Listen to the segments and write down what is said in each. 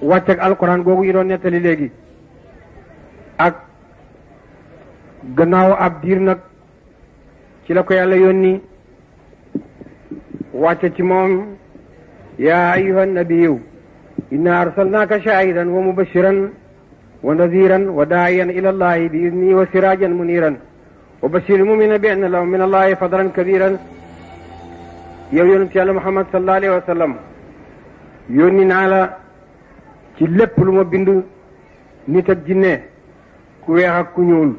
wàcceeg alquran googu ñu doon nettali léegi ak gannaaw ab diir nag ci la ko yàlla yónni wàcce ci moom yaa ayuha nabiyu inna arsalnaaka shaahidan wa mubashiran wa nadiran wa daa'iyan ila allahi bi idnihi wa sirajan muniran wa bashir mumina bi anna lahum min allahi fadlan kabiran yow yonent yàlla muhammad sallallahu alayhi wa sallam yónni naa la ci lépp lu ma bind nit ak jinne ku weex ak ku ñuul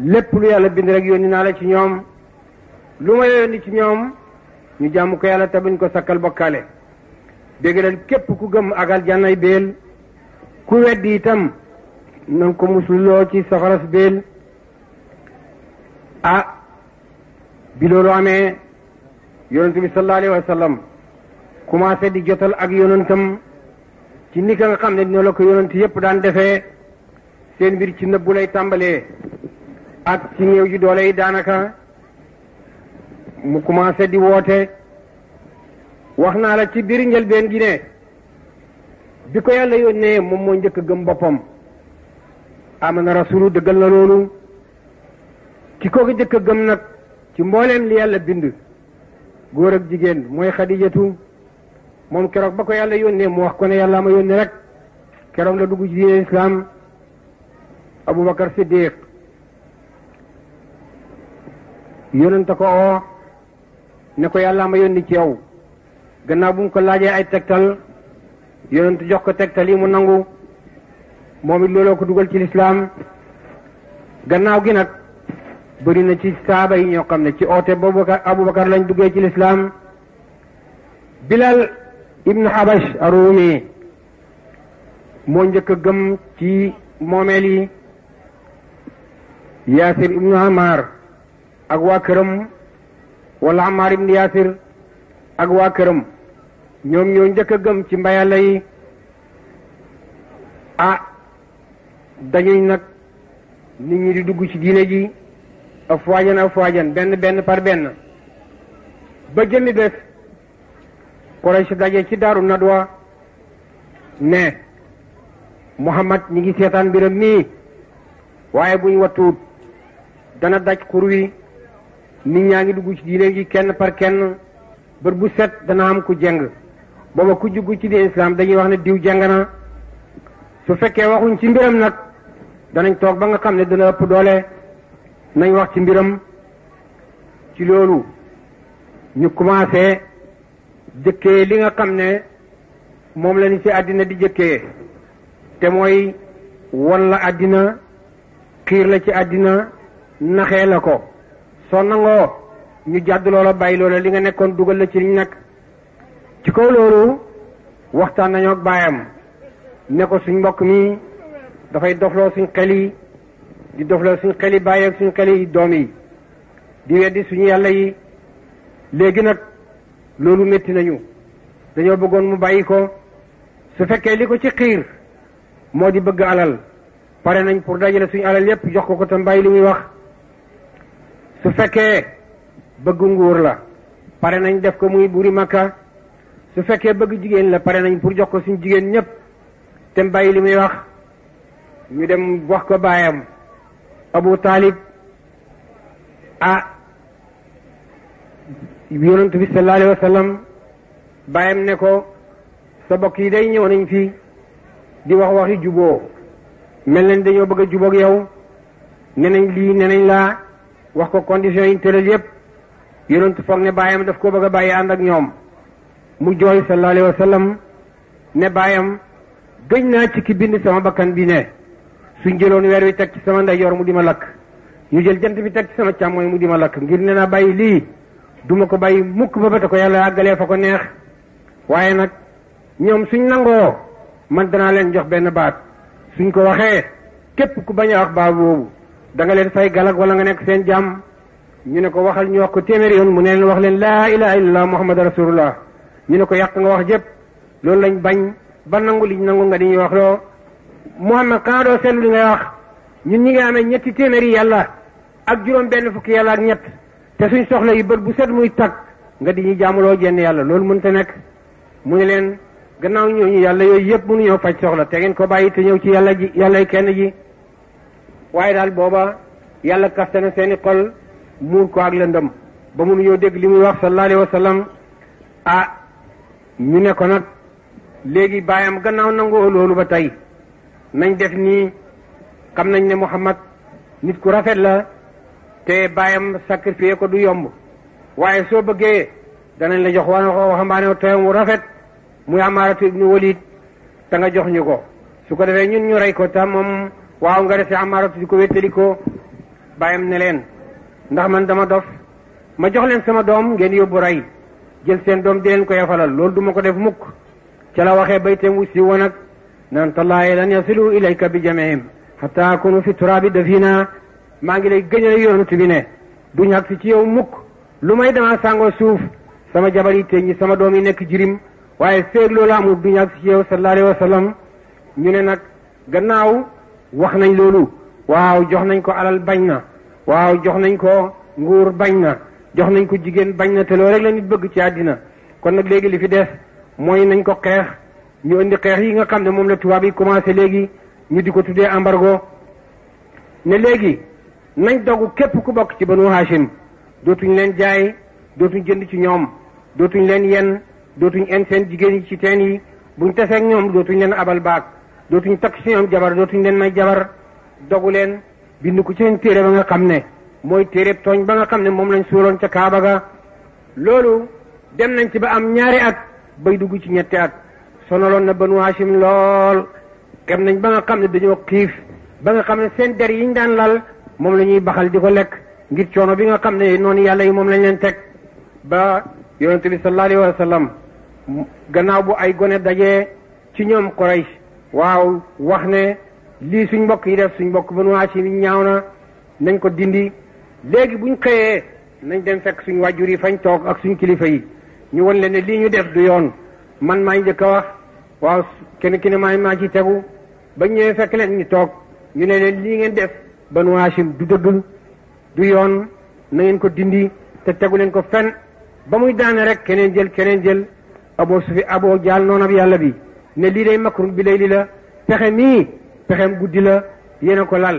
lépp lu yàlla bind rek yónni naa la ci ñoom lu ma yónni ci ñoom ñu jàmm ko yàlla te buñ ko sakkal bokkaale dégg képp ku gëm ak aljannay béel ku weddi itam nanga ko musuloo ci safaras béel ah bi loolu amee yonent bi sallallahu alayhi wa sallam commencé di jotal ak yonentam ci ni ka nga xam ne ñoo la ko yonent yépp daan defee seen mbir ci nëbbu lay tàmbalee ak ci néew ji doole yi daanaka mu commencé di woote wax naa la ci biir njëlbeen gi ne bi ko yàlla yónnee moom moo njëkk gëm boppam na rasulu dëggal na loolu ki kooku jëkk gëm nag ci mbooleem li yàlla bind góor ak jigéen mooy xadijatu moom keroog ba ko yàlla yónnee mu wax ko ne yàlla ma yónnee rek keroog la dugg ci diine islam Aboubacar Siddiq yónnante ko oo ne ko yàlla ma yónni ci yow gannaaw bu mu ko laajee ay tegtal yónnante jox ko tegtal yi mu nangu moom it looloo ko dugal ci lislaam gannaaw gi nag bëri na ci saaba yi ñoo xam ne ci oote boobu Aboubacar lañ duggee ci lislaam Bilal ibnu Habash Arumi moo njëkk a gëm ci moomeel yi Yaasir ibnu ak waa këram wala Amar ibnu Yaasir ak waa këram ñoom ñoo njëkk a ci mbayàlla yi ah dañuy nag nit ñi di dugg ci diine ji afwaajan afwaajan benn benn par benn ba jëmmi bés Quraysh daje ci daaru wa ne Muhammad ñi ngi seetaan mbiram mii waaye buñ wattuut dana daj xur nit ñaa ngi dugg ci diine gi kenn par kenn bët bu set dana am ku jeng booba ku jugg ci diine islam dañuy wax ne diw jeng na su fekkee waxuñ ci mbiram nag danañ toog ba nga xam ne dana ëpp doole nañ wax ci mbiram ci loolu ñu commencé jëkkee li nga xam ne moom la ñu ci àddina di jëkkee te mooy won la àddina xiir la ci àddina naxee la ko soo nangoo ñu jàdd loola bàyyi loola li nga nekkoon dugal la ci liñ nekk ci kaw loolu waxtaan nañoo ak baayam ne ko suñ mbokk mi dafay dofloo suñ xel yi di dofloo suñ xel yi bàyyi suñ xel yi doom yi di weddi suñu yàlla yi léegi nag loolu metti nañu dañoo bëggoon mu bàyyi ko su fekkee li ko ci xiir moo di bëgg alal pare nañ pour dajale suñu alal yépp jox ko ko tam bàyyi li muy wax su fekkee bëgg nguur la pare nañ def ko muy buri makka su fekkee bëgg jigéen la pare nañ pour jox ko suñu jigéen ñëpp tem bàyyi li muy wax ñu dem wax ko abu talib a. Ah, yonent bi sallallahu alayhi wa sallam bàyyam ne ko sa bokk yi day ñëw nañ fii di wax waxi juboo mel nañ dañoo bëgg a jubóog yow ne nañ lii ne nañ laa wax ko conditions yi tëral yépp yonent foog ne bàyyam daf ko bëgg a bàyyi ànd ak ñoom mu jooy sallallahu alayhi wa sallam ne bàyyam gëñ naa ci ki bind sama bakkan bi ne suñ jëloon weer wi teg ci sama ndeyjoor mu di ma lakk ñu jël jant bi teg ci sama càmmooñ mu di ma lakk ngir ne bàyyi lii duma ko bàyyi mukk ba bata ko yàlla àggalee fa ko neex waaye nag ñoom suñ nangoo man danaa leen jox benn baat suñ ko waxee képp ku bañ a wax baa boobu da nga leen fay galag wala nga nekk seen jàmm ñu ne ko waxal ñu ko yoon mu ne wax leen laa ilaha illallah muhammad rasulullah ñu ne ko yàq nga wax jëpp loolu lañ bañ ba nangu li nangu nga wax loo muhammad xanaa seetlu li ngay wax ñun ñi nga amee ñetti téeméeri yàlla ak juróom benn fukki yàlla ak ñett te suñ soxla yi bët bu set muy tag nga di ñu jaamuloo jenn yàlla loolu mën mënta nekk mu ne leen gannaaw ñu yàlla yooyu yëpp mënuñoo faj soxla te ngeen ko bàyyi te ñëw ci yàlla ji yàlla kenn ji waaye daal booba yàlla kaste na seeni xol muur ko ak lëndëm ba mënuñoo dégg li muy wax sallallahu alayhi wa sallam ah ñu ne ko nag léegi baayam gannaaw nangoo loolu ba tey nañ def nii xam nañ ne Muhammad nit ku rafet la te bàyyam sacrifié ko du yomb waaye soo bëggee danañ la jox wane ko waxambaane teewam wu rafet muy amaaratu ibnu walid te nga jox ñu ko su ko defee ñun ñu rey ko tam moom waaw nga defee amaaratu di ko wéttali ko bàyyam ne leen ndax man dama dof ma jox leen sama doom ngeen yóbbu rey jël seen doom di leen ko yafalal loolu duma ko def mukk ca la waxee baytam wu si woon ak naan tallaahi lan yasilu ilayka bi jamiim hatta akunu fi turaabi maa ngi lay gëñal yonent bi ne duñ agsi ci yow mukk lu may dama sàngoo suuf sama jabar yi teñ ñi sama doom yi nekk jirim waaye feeg loolu amul duñ agsi ci yow sallallahu alayhi wa sallam ñu ne nag gannaaw wax nañ loolu waaw jox nañ ko alal bañ na waaw jox nañ ko nguur bañ na jox nañ ko jigéen bañ na te loolu rek la nit bëgg ci àddina kon nag léegi li fi des mooy nañ ko xeex ñu indi xeex yi nga xam ne moom la tubaab yi commencé léegi ñu di ko tuddee embargo ne léegi nañ dogu képp ku bokk ci banu Hachim dootuñ leen jaay dootuñ jënd ci ñoom dootuñ leen yenn dootuñ en seen jigéen yi ci teen yi buñ teseeg ñoom dootuñ leen abal baag dootuñ takk ci ñoom jabar dootuñ leen may jabar dogu leen bind ko ci seen ba nga xam ne mooy tooñ ba nga xam ne moom lañ suuloon ca Kaaba ga loolu dem nañ ci ba am ñaari at bay dugg ci ñetti at sonaloon na banu Hachim lool dem nañ ba nga xam ne dañoo xiif ba nga xam ne seen der yiñ daan lal moom la ñuy baxal di ko lekk ngir coono bi nga xam ne noonu yàlla yi moom lañ leen teg ba yonente bi sallallahu alayhi wa gannaaw bu ay gone dajee ci ñoom Quraysh waaw wax ne lii suñ mbokk yi def suñ mbokk Banu Haashim ñaaw na nañ ko dindi léegi buñ xëyee nañ dem fekk suñ wàjjur yi fañ toog ak suñ kilifa yi ñu won leen ne lii ñu def du yoon man maa njëkk a wax waaw kenn ki ne maa maa ci tegu bañ ñëwee fekk leen ñu toog ñu ne leen lii ngeen def banu Hachim du dëgg du yoon na ngeen ko dindi te tegu leen ko fen ba muy daane rek keneen jël keneen jël abo sufi abo jaal noonu ab yàlla bi ne lii day makrum bi lay li la pexe mii pexem guddi la yéen ko lal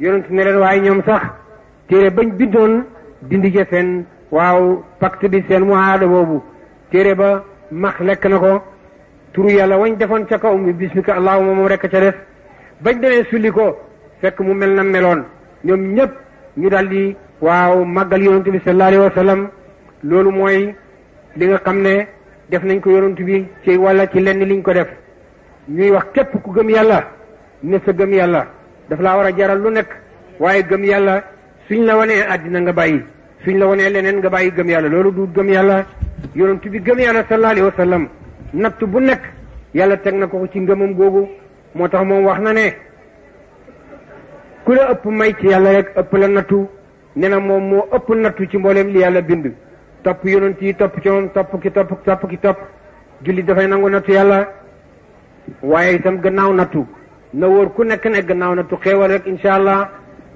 yonent ne waaye ñoom sax téere bañ bindoon dindi ja seen waaw pacte bi seen aada boobu téere ba max lekk na ko turu yàlla wañ defoon ca kaw mi bismika allahuma moom rekk ca def bañ demee sulli ko fekk mu mel na meloon ñoom ñëpp ñu daal di waaw màggal yonent bi sallallahu alayhi wa sallam loolu mooy li nga xam ne def nañ ko yonent bi ci walla ci lenn liñ ko def ñuy wax képp ku gëm yàlla ne sa gëm yàlla dafa laa war a jaral lu nekk waaye gëm yàlla suñ la wanee àddina nga bàyyi suñ la wanee leneen nga bàyyi gëm yàlla loolu du gëm yàlla yonent bi gëm yàlla sallallahu alayhi wa sallam natt bu nekk yàlla teg na ko ci ngëmam googu moo tax moom wax na ne ku la ëpp may ci yàlla rek ëpp la nattu nee moom moo ëpp nattu ci mbooleem li yàlla bind topp yonent yi topp ci moom topp ki topp topp ki topp jullit dafay nangu nattu yàlla waaye itam gannaaw nattu na wóor ku nekk ne gannaaw nattu xéewal rek incha allah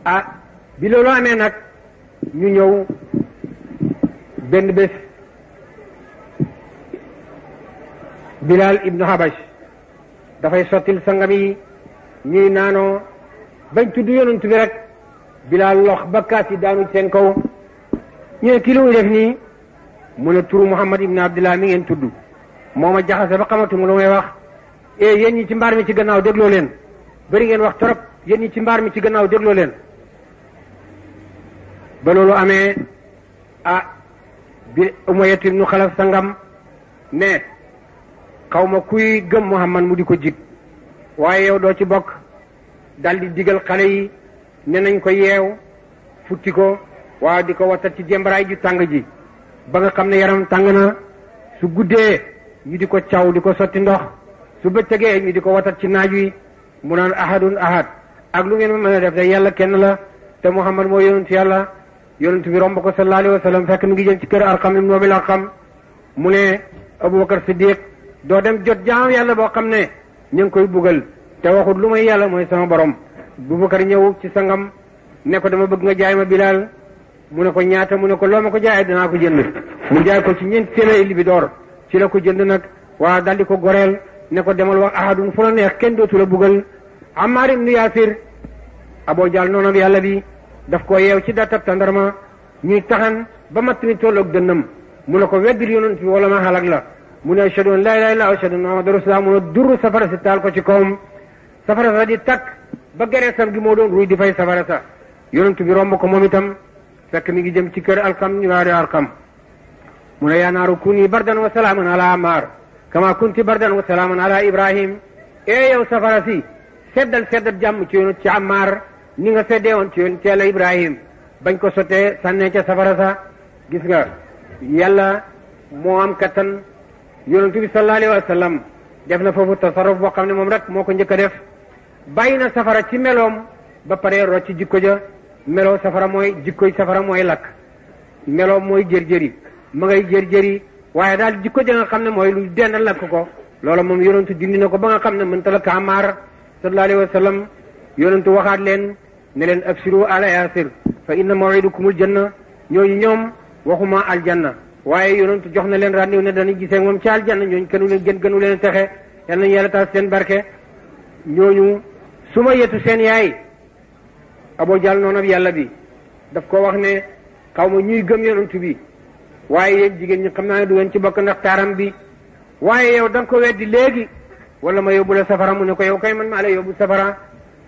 ah bi loolu amee nag ñu ñëw benn bés Bilal ibnu Habash dafay sottil sangam yi ñuy naanoo bañ tudd yonent bi rek bilaal lox ba kaas yi daanu seen kaw ñu ne kii lu muy def nii mu ne turu Muhammad ibn Abdullah mi ngeen tudd mooma jaxase ba xamatuma lu may wax e ñi ci mbaar mi ci gannaaw dégloo leen bëri ngeen wax trop yéen ñi ci mbaar mi ci gannaaw dégloo leen ba loolu amee ah bi Umayya ibnu Xalaf sangam ne xaw ma kuy gëm Muhammad mu di ko jig waaye yow doo ci bokk dal di digal xale yi ne nañ ko yeew futti ko waaw di ko wattat ci jembaraay ju tàng ji ba nga xam ne yaram tàng na su guddee ñu di ko caw di ko sotti ndox su bëccëgee ñu di ko wattat ci naaj wi mu naan ahadun ahad ak lu ngeen mën a def de yàlla kenn la te Muhammad moo yonent yàlla yonent bi romb ko sallallahu alayhi wa sallam fekk mi ngi jëm ci kër Arqam ibn Abil Arqam mu ne Abubakar Siddiq doo dem jot jaam yàlla boo xam ne ñu ngi koy bugal te waxut lu may yàlla mooy sama borom Bubakar ñëw ci sangam ne ko dama bëgg nga jaay ma Bilaal mu ne ko ñaata mu ne ko loo ma ko jaayee danaa ko jënd mu jaay ko ci ñeent téeméeri bi door ci la ko jënd nag waa daldi ko goreel ne ko demal wax ahadum fu la neex kenn bugal la buggal Ammaar ibnu Yaasir Aboo Jaal noonam yàlla bi daf ko yeew ci datab tandarma ñuy taxan ba matt mi tolloog dënnam mu ne ko weddil yonent bi ma xalak la mu ne ashhadu an laa ilaaha illallaah ashhadu anna muhammadan rasulullah mu ne durru safara safara di takk ba gereesam gi moo doon ruuj di fay safara sa yonent bi romb ko moom itam fekk mi ngi jëm ci kër alkam ñu naari alkam mu ne yaa naaru kuni bardan wa salaaman ala amaar kama kunti bardan wa salaaman ala ibrahim ee yow seddal seddal jàmm ci yoonu ci amaar ni nga woon ci yoonu ci yàlla ibrahim bañ ko sottee sànnee ca gis nga yàlla moo am kattan yonent bi sallallahu wa sallam def na foofu tasarruf boo xam ne moom rek moo ko njëkk a def bàyyi na safara ci meloom ba pare rocc jikko ja meloo safara mooy jikko safara mooy lakk meloom mooy jërjëri ma ngay jërjëri waaye daal jikko ja nga xam ne mooy lu dend lakk ko loola moom yonentu dindi na ko ba nga xam ne mën ta la kaamaar sallallahu alayhi wa sallam yonentu waxaat leen ne leen absiru ala yasir fa inna mawidukumul janna ñooñu ñoom waxuma aljanna waaye yonentu jox na leen rendez ne dañuy gisee moom ci aljanna ñooñu kenu leen gën gënu leen texe yal nañu yàlla taas seen barke ñooñu su ma yetu seen yaay aboo Jahl noonu ab yàlla bi daf ko wax ne xaw ma ñuy gëm yonent bi waaye yéen jigéen ñi xam naa ne du ci bokk ndax taaram bi waaye yow da nga ko weddi léegi wala ma yóbbu la safara mu ne ko yow kay man maa la yóbbu safara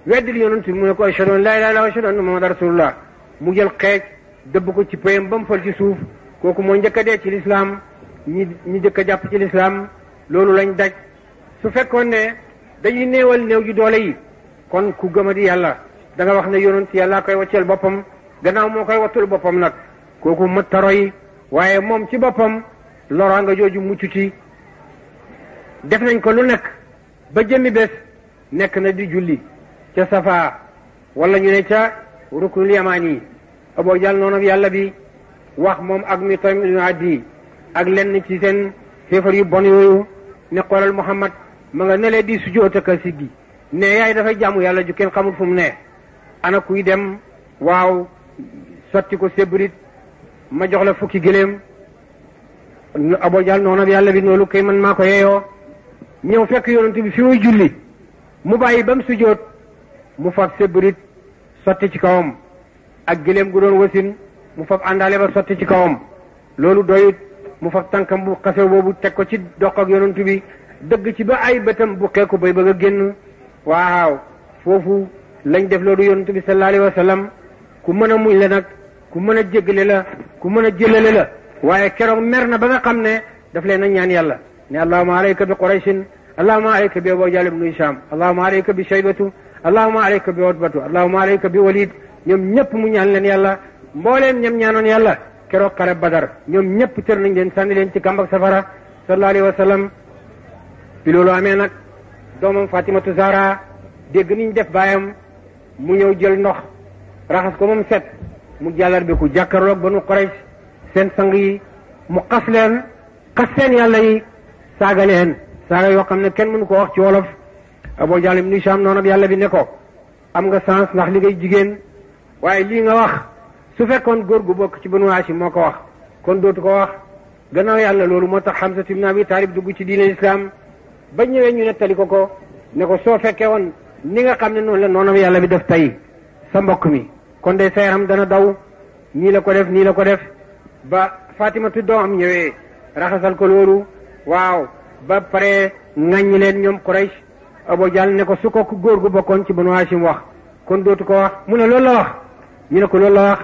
weddi li yonent bi mu ne ko ashhadu an laa ilaaha illallaah ashhadu anna muhammadan rasulullah mu jël xeej dëbb ko ci payam ba mu fal ci suuf kooku mooy njëkk a dee ci lislaam ñi ñu njëkk a jàpp ci lislaam loolu lañ daj su fekkoon ne dañu néewal néew ji doole yi kon ku gëma di yàlla danga nga wax ne yonent yàllaa koy wàcceel boppam gannaaw moo koy wattul boppam nag kooku mët ta waaye moom ci boppam loraanga jooju mucc ci def nañ ko lu nekk ba jëmmi bés nekk na di julli ca safaa wala ñu ne ca ruknul yamaan yi aboo jàll noonu yàlla bi wax moom ak mi tam ñu addi ak lenn ci seen féefar yu bon yooyu ne Muhammad ma nga nelee di sujjóot ak siggi ne yaay dafay jàmm yàlla ju kenn xamul fu mu ne ana kuy dem waaw sotti ko sébrit ma jox la fukki gëléem abo jàll noonu ak yàlla bi noonu kay man maa ko yeeyoo ñëw fekk yonent bi fi muy julli mu bàyyi ba mu sujjóot mu fab sébrit sotti ci kawam ak gëléem gu doon wasin mu fab àndaale ba sotti ci kawam loolu doyut mu fab tànkam bu xase boobu teg ko ci doq ak yonent bi dëgg ci ba ay bëtam bu xeeku bay bëgg a génn waaw foofu lañ def loolu yonent bi sallallahu alayhi wa sallam ku mën a muñ la nag ku mën a jéggale la ku mën a jëlale la waaye keroog mer na ba nga xam ne daf leen a ñaan yàlla ne allahuma alayka bi quraysin allahuma alayka bi abu jalib ibnu hisham allahuma alayka bi shaybatu allahuma alayka bi utbatu allahuma alayka bi walid ñoom ñëpp mu ñaan leen yàlla mbooleem ñam ñaanoon yàlla keroog xare badar ñoom ñëpp tër nañ leen sànni leen ci kàmb safara sallallahu alayhi wa sallam bi loolu amee nag doomam Fatimatu Zara dégg niñ def baayam mu ñëw jël ndox raxas ko moom set mu jàllar bi ba nu Quraysh seen sang yi mu xas leen xas seen yàlla yi saaga leen saaga yoo xam ne kenn mënu ko wax ci wolof Abu Jahl ibn Hisham noonu yàlla bi ne ko am nga sens ndax li ngay jigéen waaye lii nga wax su fekkoon góor gu bokk ci Banu Hashim moo ko wax kon dootu ko wax gannaaw yàlla loolu moo tax xam Hamza ibn Abi Talib dugg ci diine islam ba ñëwee ñu nettali ko ko ne ko soo fekkee woon ni nga xam ne noonu la noonam yàlla bi def tey sa mbokk mi kon de sa yaram dana daw nii la ko def nii la ko def ba Fatimatu am ñëwee raxasal ko loolu waaw ba pare ŋaññi leen ñoom Quraysh boo Jahl ne ko su ko góor gu bokkoon ci Banu Hashim wax kon dootu ko wax mu ne loolu la wax ñu ne ko loolu la wax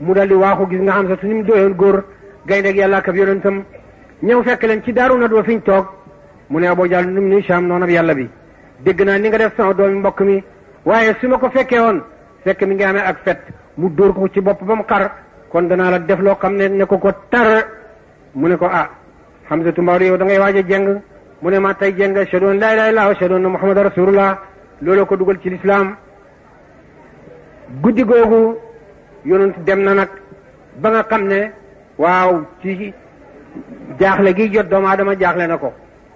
mu daldi waaxu gis nga xam sa suñu doyoon góor gaynde ak yàlla ak ab ñëw fekk leen ci daaru na doo fiñ toog mu ne Abu Jahl num ni Hicham noonu yàlla bi dégg naa ni nga def sama doomi mbokk mi waaye su ma ko fekkee woon fekk mi ngi amee ak fet mu dóor ko ci bopp ba mu xar kon danaa la def loo xam ne ne ko ko tar mu ne ko ah xam Mbawdo yow da ngay waaj a jeng mu ne ma tey jeng ashhadu an laa ilaaha illallaah ashhadu anna Muhammadan rasulullah looloo ko dugal ci lislaam guddi googu yonent dem na nag ba nga xam ne waaw ci jaaxle gi jot doomu aadama jaaxle na ko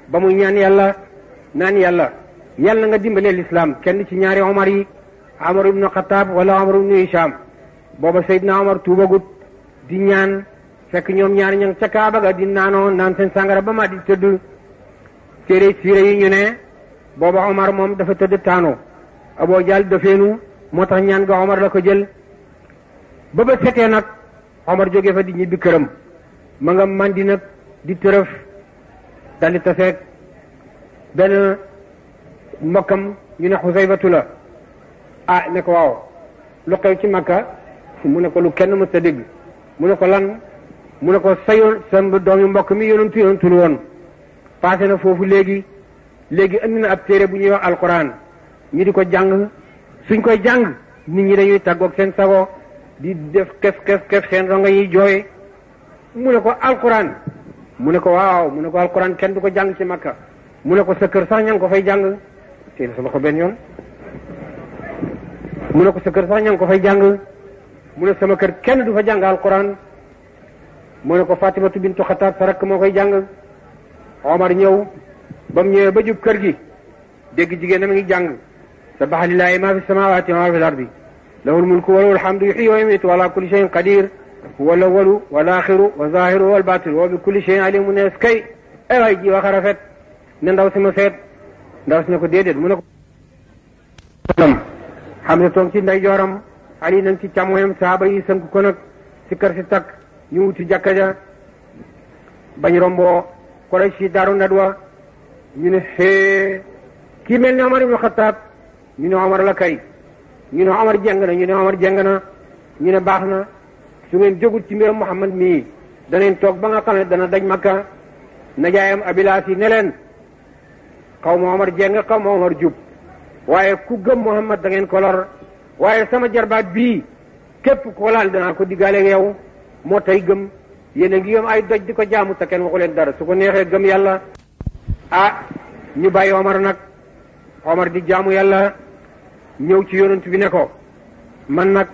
ba muy ñaan yàlla naan yàlla yàlla nga dimbalee lislaam kenn ci ñaari omar yi omar ibnu xataab wala omar ibnu hisham booba seydina omar tuubagut di ñaan fekk ñoom ñaari ña ca kaaba ga di naanoo naan seen sàngara ba ma di tëdd téere yi ñu ne booba omar moom dafa tëdd taano aboo jaal dafeenu moo tax ñaan ga omar la ko jël ba ba setee nag omar jóge fa di ñibbi këram ma nga mandi nag di tërëf daldi taseeg benn mbokkam ñu ne xusaybatu la ah ne waaw lu xew ci makka mu ne ko lu kenn mës a dégg mu ne ko lan mu ne ko sa yoon sa doomi mbokk mi yonantu yonantul woon passé na foofu léegi léegi indi na ab téere bu ñuy wax alquran ñu di ko jàng suñ koy jàng nit ñi dañuy tàggoog seen sago di def kef kef kef seen rongo yi jooy mu ne ko alquran mu ne ko waaw mu ne ko alquran kenn du ko jàng ci makka mu ne ko sa kër sax ña ngi ko fay jàng teel sa loxo benn yoon mu ne ko sa kër sax ña ngi ko fay jàng mu ne sama kër kenn du fa jàng alquran mu ne ko fatimatu bintu xataab sa rakk moo koy jàng omar ñëw ba mu ñëwee ba jub kër gi dégg jigéenam ngi jàng sabaxa lillaahi ma fi samawati wa ma fi l ardi lahul mulku wa lahul hamdu yuhyi wa yumiitu wa ala kulli shay'in qadir huwa alawalu walaaxiru wa zaahiru wal baatin wa bi kulli shay'in alim mu nees kay ay waay ji wax a rafet ne ndaw si ma seet ndaw si ne ko déedéet mu ne ko xam ne toog ci nday jooram ali nag ci càmmoyam saaba yi sënk ko nag si kër si takk ñu wuti jàkka ja bañ romboo Quraysh si daaru nadwa ñu ne xee kii mel ni Omar ibn Xattaab ñu ne Omar la kay ñu ne Omar jeng na ñu ne Omar jeng na ñu ne baax na su ngeen jogul ci mbiram muhammad Mi. daneen toog ba nga xamne dana daj makka najaayam abilaas yi ne leen xaw ma omar jeng xaw ma omar jub waaye ku gëm muhammad da ngeen ko lor waaye sama jarbaat bi. képp ko laal danaa ko diggaale yow moo tey gëm yéen a ngi ay doj di ko jaamu te kenn waxu dara su ko neexee gëm yàlla ah ñu bàyyi omar nag omar di jaamu yàlla ñëw ci yonent bi ne ko man nag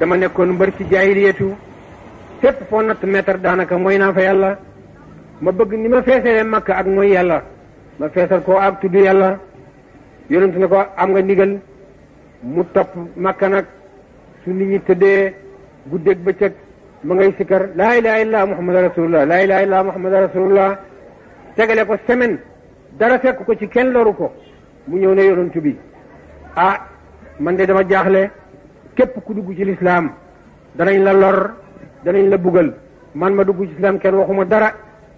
dama nekkoon mbër ci jaahiliyatu fépp foo natt mètre daanaka mooy naa fa yàlla ma bëgg ni ma feesalee makk ak mooy yàlla ma feesal ko ak tudd yàlla yonent ne ko am nga ndigal mu topp makka nag su nit ñi tëddee guddeeg bëccëg ma ngay sikkar laa ilaha illa muhammad rasulullah laa ilaha illa muhammad rasulullah tegale ko semaine dara fekk ko ci kenn loru ko mu ñëw ne yonent bi ah man de dama jaaxle képp ku dugg ci lislaam danañ la lor danañ la buggal man ma dugg ci lislaam kenn waxuma dara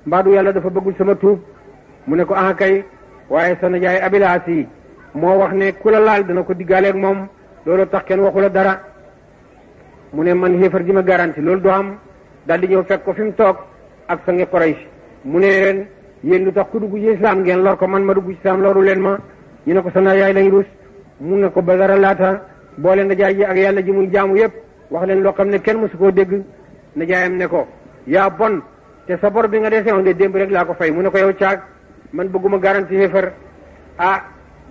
mbaa du yàlla dafa bëggul sama tuub mu ne ko ah kay waaye sa nijaay abilaas yi moo wax ne ku la laal dana ko diggaaleeg moom loolu tax kenn waxu la dara mu ne man xéefar ji ma garanti loolu du am daal di ñëw fekk ko fi mu toog ak sa nge Quraysh mu ne leen yéen lu tax ku dugg ci islam ngeen lor ko man ma dugg ci islam loru leen ma ñu ne ko sa nijaay lañ boo leen da najaay ji ak yàlla ji mun jaamu yëpp wax leen loo xam ne kenn mësu koo dégg najaayam ne ko yaa bon te sa bi nga dese woon de démb rek laa ko fay mu ne ko yow caag man bëgguma garanti xéefar ah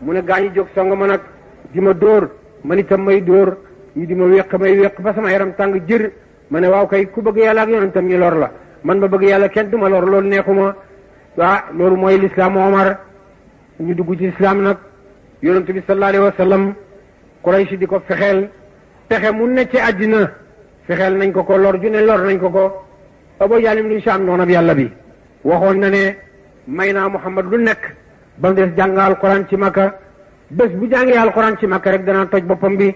mu ne gaañu jóg song ma nag di ma dóor ma itam may dóor ñu di ma wéq may wéq ba sama yaram tàng jër ma ne waaw kay ku bëgg yàlla ak tam ñu lor la man ma bëgg yàlla kenn du ma lor loolu neexuma a ah, loolu mooy lislaam Omar ñu dugg ci lislaam nag yonent bi sallallahu alayhi Quraysh di ko fexeel pexe mu ne ci àddina fexeel nañ ko ko lor ju ne lor nañ ko ko Abu Jahl ibn Hisham noonab yàlla bi waxoon na ne may naa Muhammad lu nekk ba mu des jàng alquran ci Makka bés bu jàngee alquran ci Makka rek danaa toj boppam bi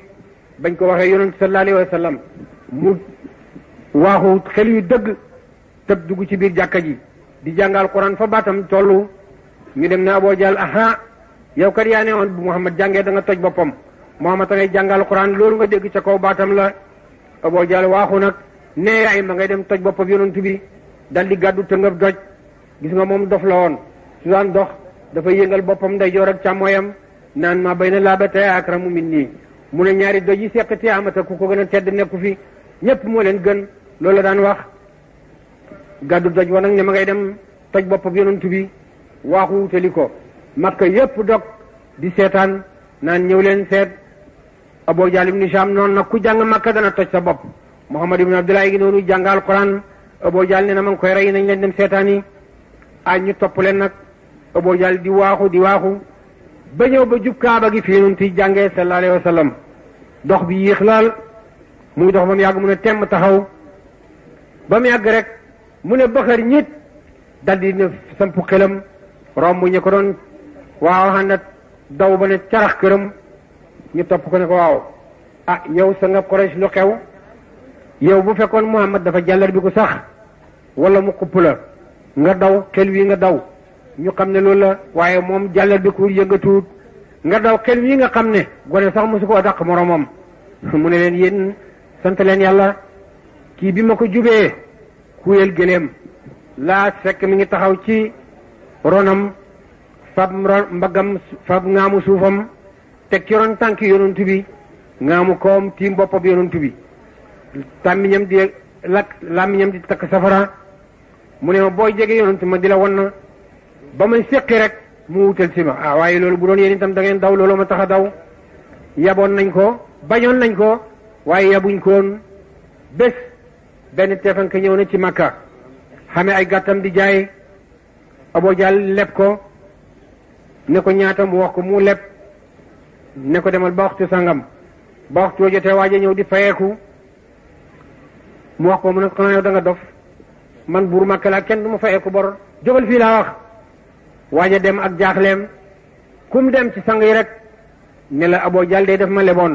bañ ko waxee yonent sallallahu alayhi wa sallam mu waaxu xel yu dëgg tëb dugg ci biir jàkka ji di jàng alquran fa baatam tollu ñu dem ne Abu Jahl aha yow kat yaa ne woon bu Muhammad jàngee da nga toj boppam Muhammad ngay jàngal Quran loolu nga dégg ca kaw baatam la Abu Jahl waaxu nag ay ma ngay dem toj boppam yonent bi dal di gàddu tëngab doj gis nga moom dof la woon su daan dox dafa yëngal boppam ndeyjoor ak càmmooyam naan ma bay na laabatee ya akramu min nii mu ne ñaari doj yi sekk amata ku ko gën a tedd nekku fi ñëpp moo leen gën loolu la wax gàddu doj wa nag ne ma ngay dem toj boppam yonent bi waaxu ko makka yépp dog di seetaan naan ñëw leen seet Abu Jahl ibn Hisham noonu nag ku jàng Makka dana toj sa bopp Muhammad ibn Abdullah gi noonu jàng alquran Abu Jahl ne na ma ngi koy rey nañ leen dem seetaan yi ñu topp leen nag Abu Jahl di waaxu di waaxu ba ñëw ba jub kaaba gi fii nun ti jàngee sallallahu alayhi dox bi yéex lool muy dox ba mu yàgg mu ne temm taxaw ba mu yàgg rek mu ne bëxër ñit daldi ne samp xelam romb ñu ko doon waaw xanaa daw ba ne carax këram ñu topp ko ne ko waaw ah yow sa nga Quraysh lu xew yow bu fekkoon Muhammad dafa jàllar ko sax wala mu xupp la nga daw xel wi nga daw ñu xam ne loolu la waaye moom jàllar ko yëngatuut nga daw xel wi nga xam ne gone sax mosu ko dàq moromam mu ne leen yéen sant leen yàlla kii bi ma ko jubee kuyel gëléem laa fekk mi ngi taxaw ci ronam fab mbaggam fab ngaamu suufam teg ci ron tànk yonent bi ngaamu koom tiim boppam yonent bi tàmmiñam di lakk làmmiñam di takk safara mu ne ma booy jege yonent ma di la wan na ba may séqi rek mu wutal si ma ah, waaye loolu bu doon yen itam da ngeen daw loolu ma tax a daw yaboon nañ ko bañoon nañ ko waaye yabuñ koon bés benn teefanke ñëw na ci Makka xamee ay gàttam di jaay Abu Jahl leb ko ne ko ñaata mu wax ko mu leb ne ko demal ba waxtu sangam ba waxtu jotee waaja ñëw di fayeeku mu wax ko na ne xanaa yow da nga dof man buur Makka laa kenn du ma fayeeku bor jógal fii laa wax waaja dem ak jaaxleem kum dem ci sang rek ne la aboo def ma leboon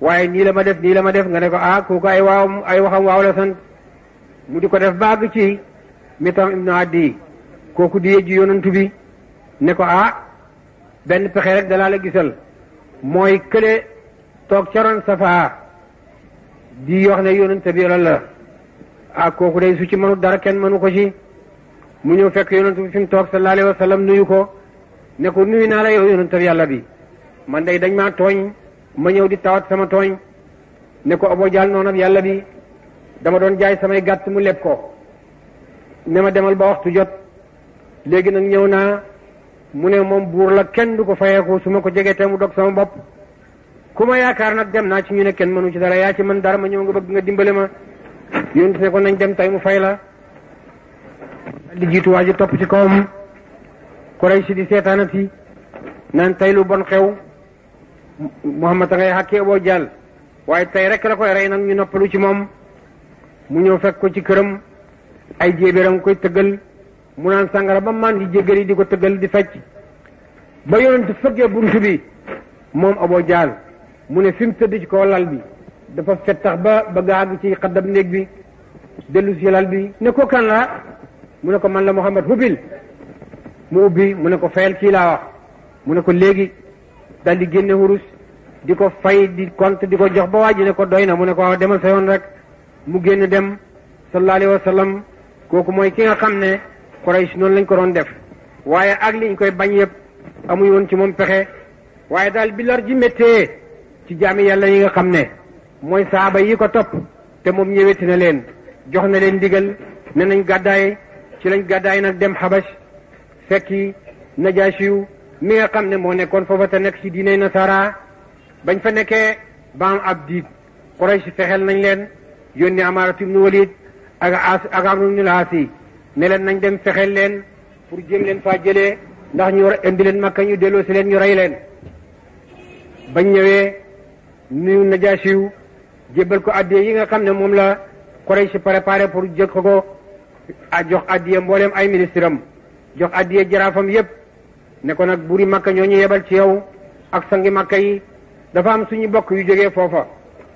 waaye nii la ma def nii ma def nga ne ko ah kooku ay waxam waaw la sant mu di ko def baag ci mitam ibnu addi kooku di yëjji yonantu bi ne ko ah benn pexe rek dalaa la gisal mooy kële toog ca ron safaa di wax ne yonente bi lan la ak kooku day su ci mënu dara kenn mënu ko ci mu ñëw fekk yonente bi fi mu toog sallallahu alayhi wa sallam nuyu ko ne ko nuyu naa la yow bi yàlla bi man day dañ maa tooñ ma ñëw di tawat sama tooñ ne ko Abu Jahl noonu yàlla bi dama doon jaay samay gàtt mu leb ko ne ma demal ba waxtu jot léegi nag ñëw naa mu ne moom buur la kenn du ko fayeeku su ma ko jegee te mu dog sama bopp ku yaakaar nag dem naa ci ñu ne kenn mënu ci dara yaa ci man dara ma ñëw nga bëgg nga dimbale ma yonent ne ko nañ dem tey mu fay la di jiitu waa ji topp ci kawam Quraysh ci di seetaana seetaanati naan tey lu bon xew Muhammad a jàll waaye tey rek la rey nag ñu noppalu ci moom mu ñëw fekk ko ci këram ay jéebéram koy tëggal mu naan sàngara ba maan di jéggar yi di ko tëggal di faj ba yonent fëggee bunt bi moom Abu Jahl mu ne fi mu tëdd ci kaw lal bi dafa fettax ba ba gaag ci xaddab néeg bi dellu si lal bi ne ko kan la mu ne ko man la Muhammad hubil mu ubbi mu ne ko fayal kii laa wax mu ne ko léegi dal di génne wurus di ko fay di compte di ko jox ba waa ji ne ko doy na mu ne ko waaw demal sa yoon rek mu génn dem sallallahu alayhi wa sallam kooku mooy ki nga xam ne Quraysh noonu lañ ko doon def waaye ak liñ koy bañ yëpp amuñ woon ci moom pexe waaye daal bi lor ji méttee ci jaami yàlla yi nga xam ne mooy saaba yi ko topp te moom ñëweti na leen jox na leen ndigal ne nañ gàddaay ci lañ gàddaay nag dem xabash fekki najaasiyu mi nga xam ne moo nekkoon foofa te nekk ci diinay nasara bañ fa nekkee baam ab diit Quraysh fexeel nañ leen yónni Amaaratu ibnu Walid ak as ak Amru ibnu Laasi ne nañ dem fexeel leen pour jéem leen faa jële ndax ñu war indi leen makka ñu delloo si leen ñu rey leen bañ ñëwee nuyu najaasiw jébbal ko addiye yi nga xam ne moom la Quraysh préparé pour jëkk ko a jox addiye mbooleem ay ministre jox addiye jaraafam yépp ne ko nag buri makka ñoo ñu yebal ci yow ak sangi makka yi dafa am suñu bokk yu jógee foofa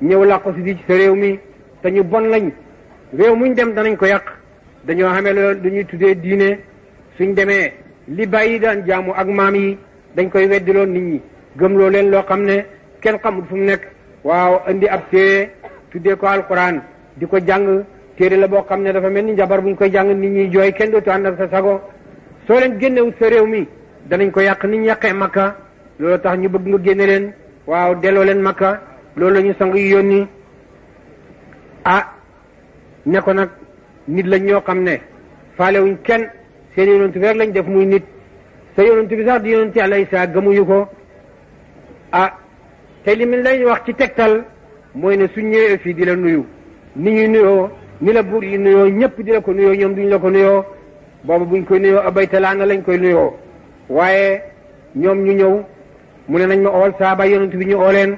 ñëw làqu si di ci sa réew mi te ñu bon lañ réew muñ dem danañ ko yàq dañoo xamee loolu ñuy tuddee diine suñ demee li bàyyi daan jaamu ak maam yi dañ koy weddiloon nit ñi gëmloo leen loo xam ne kenn xamul fu mu nekk waaw indi ab téere tuddee ko alquran di ko jàng téere la boo xam ne dafa mel ni jabar bu ñu koy jàng nit ñi jooy kenn dootu ànd ak sa sago soo leen génnewul sa réew mi danañ ko yàq ni ñu yàqee makka loolu tax ñu bëgg nga génne leen waaw delloo leen makka loolu la ñu sang yu yónni ah ne ko nag nit lañ ñoo xam ne wuñ kenn seen yonent rek lañ def muy nit sa yonent bi sax di yonent yàlla Isaa gëmuñu ko a ah, te li mi lañ wax ci tegtal mooy ne suñ ñëwee fii di la nuyu ni ñuy nuyoo ni la yi nuyoo ñëpp di la ko nuyoo ñoom duñ buñ ko nuyoo a buñ koy nuyoo abaytalaana lañ koy nuyoo waaye ñoom ñu ñëw mu ne nañ ma ool saaba yonent bi ñu ooleen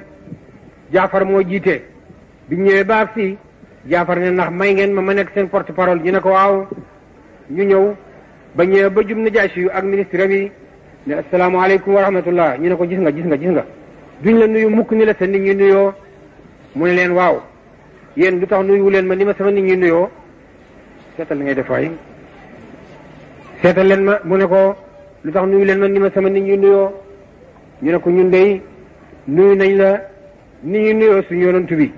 jaafar moo jiite biñ ñëwee baag si jaafar ne ndax may ngeen ma ma nekk seen porte parole ñu ne ko waaw ñu ñëw ba ñëwee ba jub najaasi yu ak ministre bi ne asalaamaaleykum wa rahmatullah ñu ne ko gis nga gis nga gis nga duñ la nuyu mukk ni la sa nit ñi nuyoo mu ne leen waaw yéen lu tax nuyu leen ma ni ma sama nit ñi nuyoo seetal li ngay def waay seetal leen ma mu ne ko lu tax nuyu leen ma ni ma sama nit ñi nuyoo ñu ne ko ñun dey nuyu nañ la nit ñi nuyoo suñu yonantu bi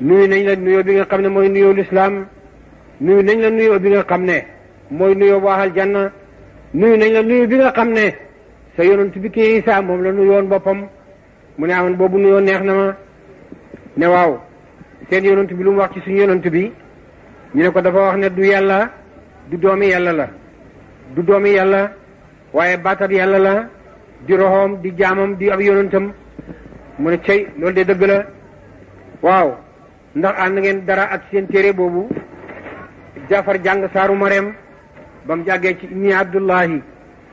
nuyu nañ la nuyoo bi nga xam ne mooy nuyoo lislaam nuyu nañ la nuyoo bi nga xam ne mooy nuyoo waaxal janna nuyu nañ la nuyu bi nga xam ne sa yonent bi kii Isaa moom la nuyoon boppam mu ne amoon boobu nuyoo neex na ma ne waaw seen yonent bi lu mu wax ci suñu yonent bi ñu ne ko dafa wax ne du yàlla du doomi yàlla la du doomi yàlla waaye baatab yàlla la di roxoom di jaamam di ab yonentam mu ne cey loolu de dëgg la waaw ndax ànd ngeen dara ak seen téere boobu jafar jàng saaru mareem ba mu ci inni abdullahi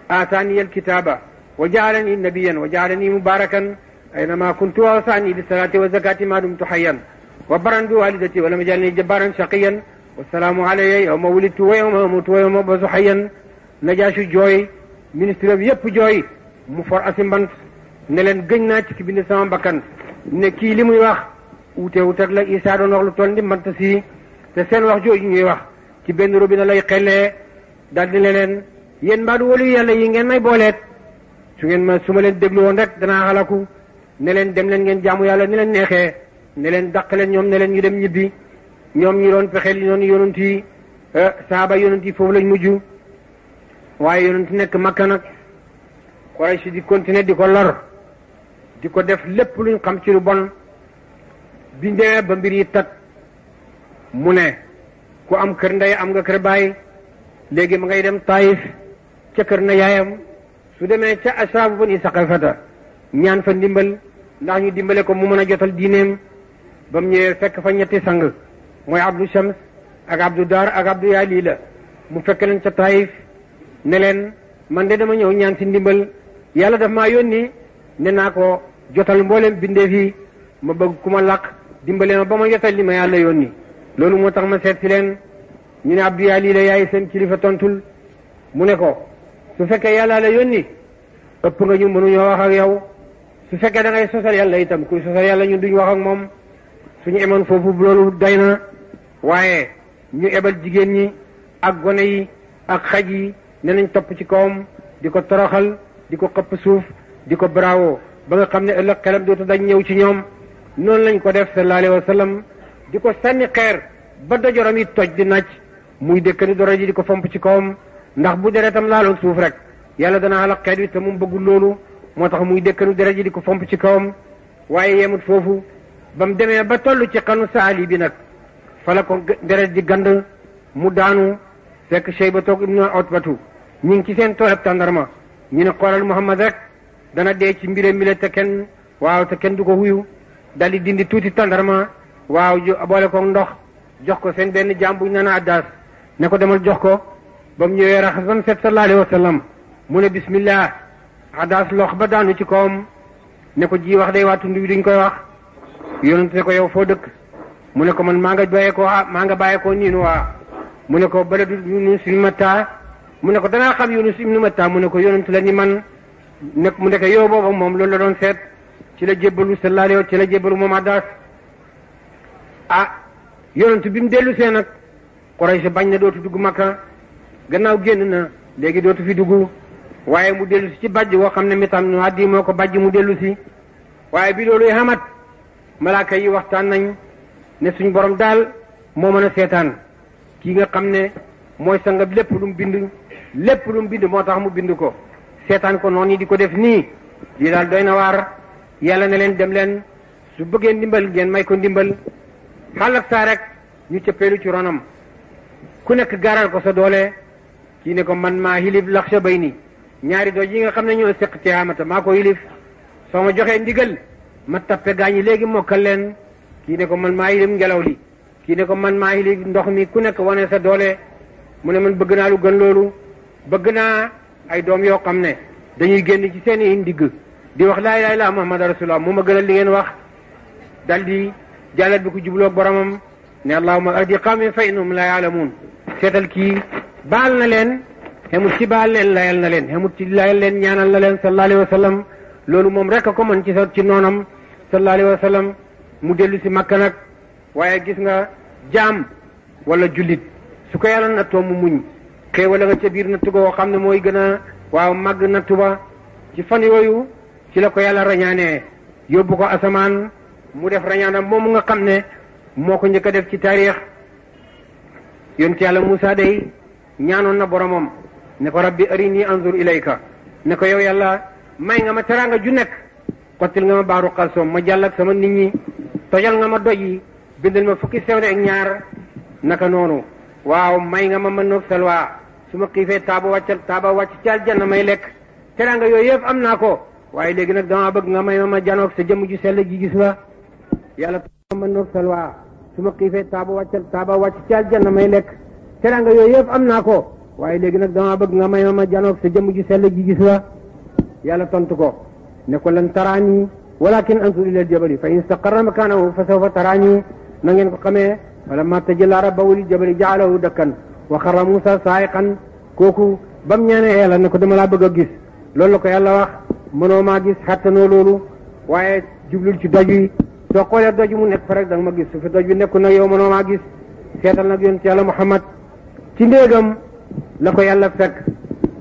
aataani alkitaaba wa jaalani nabiyan wa jaalani mubarakan aynama kuntu wa bi salaati wa zakaati ma dumtu hayyan wa baran bi walidati wa lam yajalni jabbaran shaqiyan wasalaamu alayya yawma wulidtu wa yawma amutu wa yawma basu hayyan najaashu jooy ministre bi asimbant ne leen gëñ naa ci ki ne kii li muy wuutewut ak la Isaa doon wax lu toll ni mant si te seen wax yu ñuy wax ci benn robinet lay xellee daal di leen yéen mbaa du wóolu yàlla yi ngeen may booleet su ngeen ma su ma leen déglu woon rek danaa xalaku ne leen dem leen ngeen jaamu yàlla ne leen neexee ne leen dàq leen ñoom ne leen ñu dem ñibbi ñoom ñi doon fexeel li noonu yonent yi eh, saaba yonent yi foofu lañ mujj waaye yonent nekk makka nag si di continuer di ko lor di ko def lépp luñ xam ci lu bon biñ demee ba mbir yi tag mu ne ku am kër ndey am nga kër bàyyi léegi ma ngay dem taayif ca kër na yaayam su demee ca asraabu bani saqafata ñaan fa ndimbal ndax ñu dimbale ko mu mën a jotal diineem ba mu ñëwee fekk fa ñetti sang mooy abdou shams ak abdou daar ak abdou yaa lii la mu fekk leen ca taayif ne leen man de dama ñëw ñaan si ndimbal yàlla daf maa yónni ne naa ko jotal mboolem bindee fii ma bëgg ku ma làq dimbale ma ba ma jotal li ma yàlla yoon nii loolu moo tax ma seet si leen ñu ne Abdou yaa lii la yaay seen kilifa tontul mu ne ko su fekkee yàlla la yónni ëpp nga ñu mënuñoo wax ak yow su fekkee da ngay sosal yàlla itam kuy sosal yàlla ñun duñu wax ak moom suñu emoon foofu loolu day na waaye ñu ebal jigéen ñi ak gone yi ak xaj yi ne nañ topp ci kawam di ko toroxal di ko xëpp suuf di ko bravo ba nga xam ne ëllëg xelam dootu dañ ñëw ci ñoom noonu lañ ko def sallallahu alayhi wa sallam di ko sànni xeer ba dojoram yi toj di naaj muy dëkkani doro ji di ko fomp ci kawam ndax bu deretam laaloon suuf rek yàlla dana xalak xeet wi te mu bëggul loolu moo tax muy dëkkanu deret di ko fomp ci kawam waaye yemut foofu ba demee ba toll ci xanu saali bi nag fa ko deret ji gand mu daanu fekk Shayba toog ibnu Utbatu ñu ngi ci seen toolab tàndarma ñu ne xoolal Muhammad rek dana dee ci mbire mi la te kenn waaw te kenn du ko wuyu dal di dindi tuuti tàndarma waaw boole ko ndox jox ko seen benn jaam bu nana naan addaas ne ko demal jox ko ba mu ñëwee raxas ba set sallallahu alayhi wa sallam mu ne bismillah addaas lox ba daanu ci koom ne ko ji wax day waa tund bi duñ koy wax yonent ne ko yow foo dëkk mu ne ko man maa nga bàyyee koo maa nga bàyyee ko niin waa mu ne ko baladu yunus ibnu matta mu ne ko danaa xam yunus ibnu matta mu ne ko yonent la ni man nekk mu nekk yow booba moom loolu la doon seet ci la jébbalu sallallahu alayhi ci la jébbalu moom Addaas ah yonent bi mu dellu see nag Quraysh bañ na dootu dugg Makka gannaaw génn na léegi dootu fi dugg waaye mu dellu ci bàjj woo xam ne mitam nu addi moo ko bàjj mu dellu si waaye bi loolu xamat malaaka yi waxtaan nañ ne suñ borom daal moo mën a seetaan kii nga xam ne mooy sangab lépp lu mu bind lépp lu mu bind moo tax mu bind ko seetaan ko noonu di ko def nii lii daal doy na waar yàlla na leen dem leen su bëggee ndimbal ngeen may ko ndimbal xalak saa rek ñu cëppeelu ci ronam ku nekk gaaral ko sa doole kii ne ko man maa hilif lax sa bay ni ñaari doj yi nga xam ne ñoo seq tiyaamata maa ko hilif soo ma joxee ndigal ma tappe gaañi léegi mokkal leen kii ne ko man maa hilif ngelaw li kii ne ko man maa hilif ndox mi ku nekk wane sa doole mu ne man bëgg naa lu gën loolu bëgg naa ay doom yoo xam ne dañuy génn ci seeni i ndigg di wax laa ilaaha illallaah muhammad rasulullah mu ma gënal li ngeen wax dal di jàllat bi ko jubloog boromam ne allahuma ahdi qawmi fa innahum laa yaalamuun seetal kii baal na leen xemut ci baal leen layal na leen xemut ci layal leen ñaanal na leen sallallahu alayhi wa sallam loolu moom rek a ko mën ci sa ci noonam sallallahu alayhi mu dellu si makka nag waaye gis nga jaam wala jullit su ko yàlla nattoo mu muñ xéewal nga ca biir nattu goo xam ne mooy gën a waaw màgg na ba ci fan yooyu ci la ko yàlla rañaanee yóbbu ko asamaan mu def rañaanam moomu nga xam ne moo ko njëkk a def ci taarix day ñaanoon na boromam ne ko rabbi arini anzur ilayka ne ko yow yàlla may nga ma teraanga ju nekk xottil nga ma baaru xalsoom ma jàll sama nit ñi tojal nga ma doj yi bindal ma fukki sewde ak ñaar naka noonu waaw may nga ma mën noog salwaa su ma xiifee taaba wàcc taaba may lekk teraanga yooyu yëpp am ko waaye léegi nag dama bëgg nga may ma ma janoog sa jëmm ju sell ji gis la yàlla man noog salwaa su ma xiifee taaba wàccal taaba wàcc ci aljanna may lekk teranga yooyu yëpp am naa ko waaye léegi nag dama bëgg nga may ma ma janoog sa jëmm ju sella ji gis la yàlla tontu ko ne ko lan taraani walakin anzur ilal jabali fa in istaqarra makanahu fa sawfa taraani na ngeen ko xamee falamma tajalla rabbahu lil jabali ja'alahu dakkan wa xarra Muusa saa'iqan kooku bam ñaanee yàlla ko dama laa bëgg a gis mënoo maa gis xattanoo loolu waaye jublul ci doj wi soo xoolee doj mu nekk fa rek danga ma gis su fi doj bi nekkul nag yow mënoo maa gis seetal nag yonent yàlla Muhammad ci ndéegam la ko yàlla fekk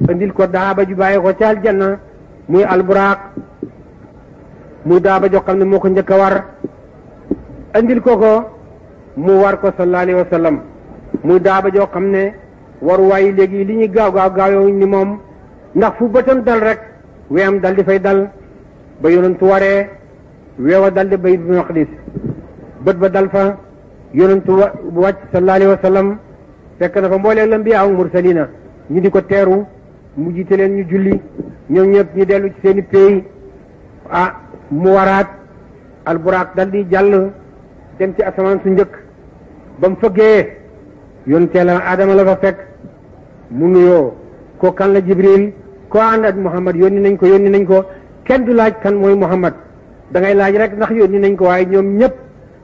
andil ko daaba ju bàyyi ko ca aljanna muy alburaaq muy daaba joo xam ne moo ko njëkk a war andil ko ko mu war ko sallallahu alayhi muy daaba joo xam ne waruwaay yi léegi li ñuy gaaw gaaw gaaw yowuñ ni moom ndax fu bëtam dal rek weem dal di fay dal ba yonentu waree weewa dal di bay dul maqdis bët ba dal fa yonentu wàcc sallallahu alayhi wa sallam fekk na fa mboolee lambiya ak mursalina ñu di ko teeru mu jiite leen ñu julli ñoom ñëpp ñu dellu ci seen i pays ah mu waraat alburaak dal di jàll dem ci asamaan su njëkk ba mu fëggee yonentee la adama la fa fekk mu nuyoo ko la jibril القرآن أك محمد يوني نينكو يوني نينكو كن دلائك كان موي محمد دعائي لاجرك نخي يوني نينكو أي يوم يب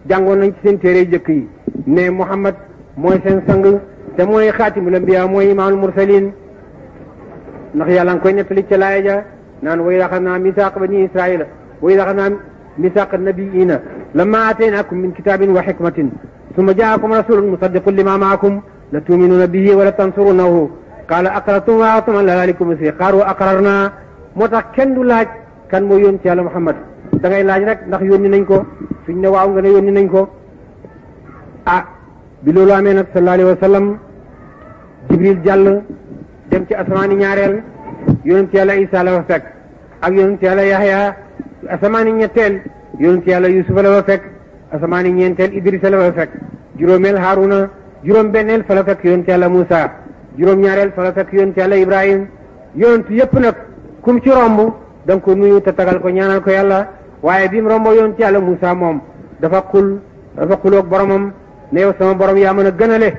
جانغو نينكسين تيري جكي نه محمد موي سن سانغ تموي خاتم الأنبياء موي إمام المرسلين نخي يالان كوي نتلي تلاي جا نان وي لخنا ميساق بني إسرائيل وي لخنا ميساق النبيين لما أتيناكم من كتاب وحكمة ثم جاءكم رسول مصدق لما معكم لتؤمنون به ولا تنصرونه qaala aqrartum wa aqrartum moo tax kenn du laaj kan moo yónni ci yàlla Muhammad da laaj rek ndax yónni nañ ko suñ ne waaw nga ne yónni nañ ko ah bi loolu amee nag sallallahu alayhi wa jibril jàll dem ci asamaani ñaareel yonent yàlla isa la fa fekk ak yonent yàlla yaxya asamaani ñetteel yonent yàlla yusufa la fa fekk asamaani ñeenteel idrisa la fa fekk juróomeel haruna benneel fa la fekk yonent yàlla musa juróom-ñaareel farata ak yonent yàlla Ibrahim yonent yëpp nag kum ci romb da nga ko nuyu te tagal ko ñaanal ko yàlla waaye bi mu romboo yonent yàlla Moussa moom dafa xul dafa xuloog boromam ne yow sama borom yaa mën a gënale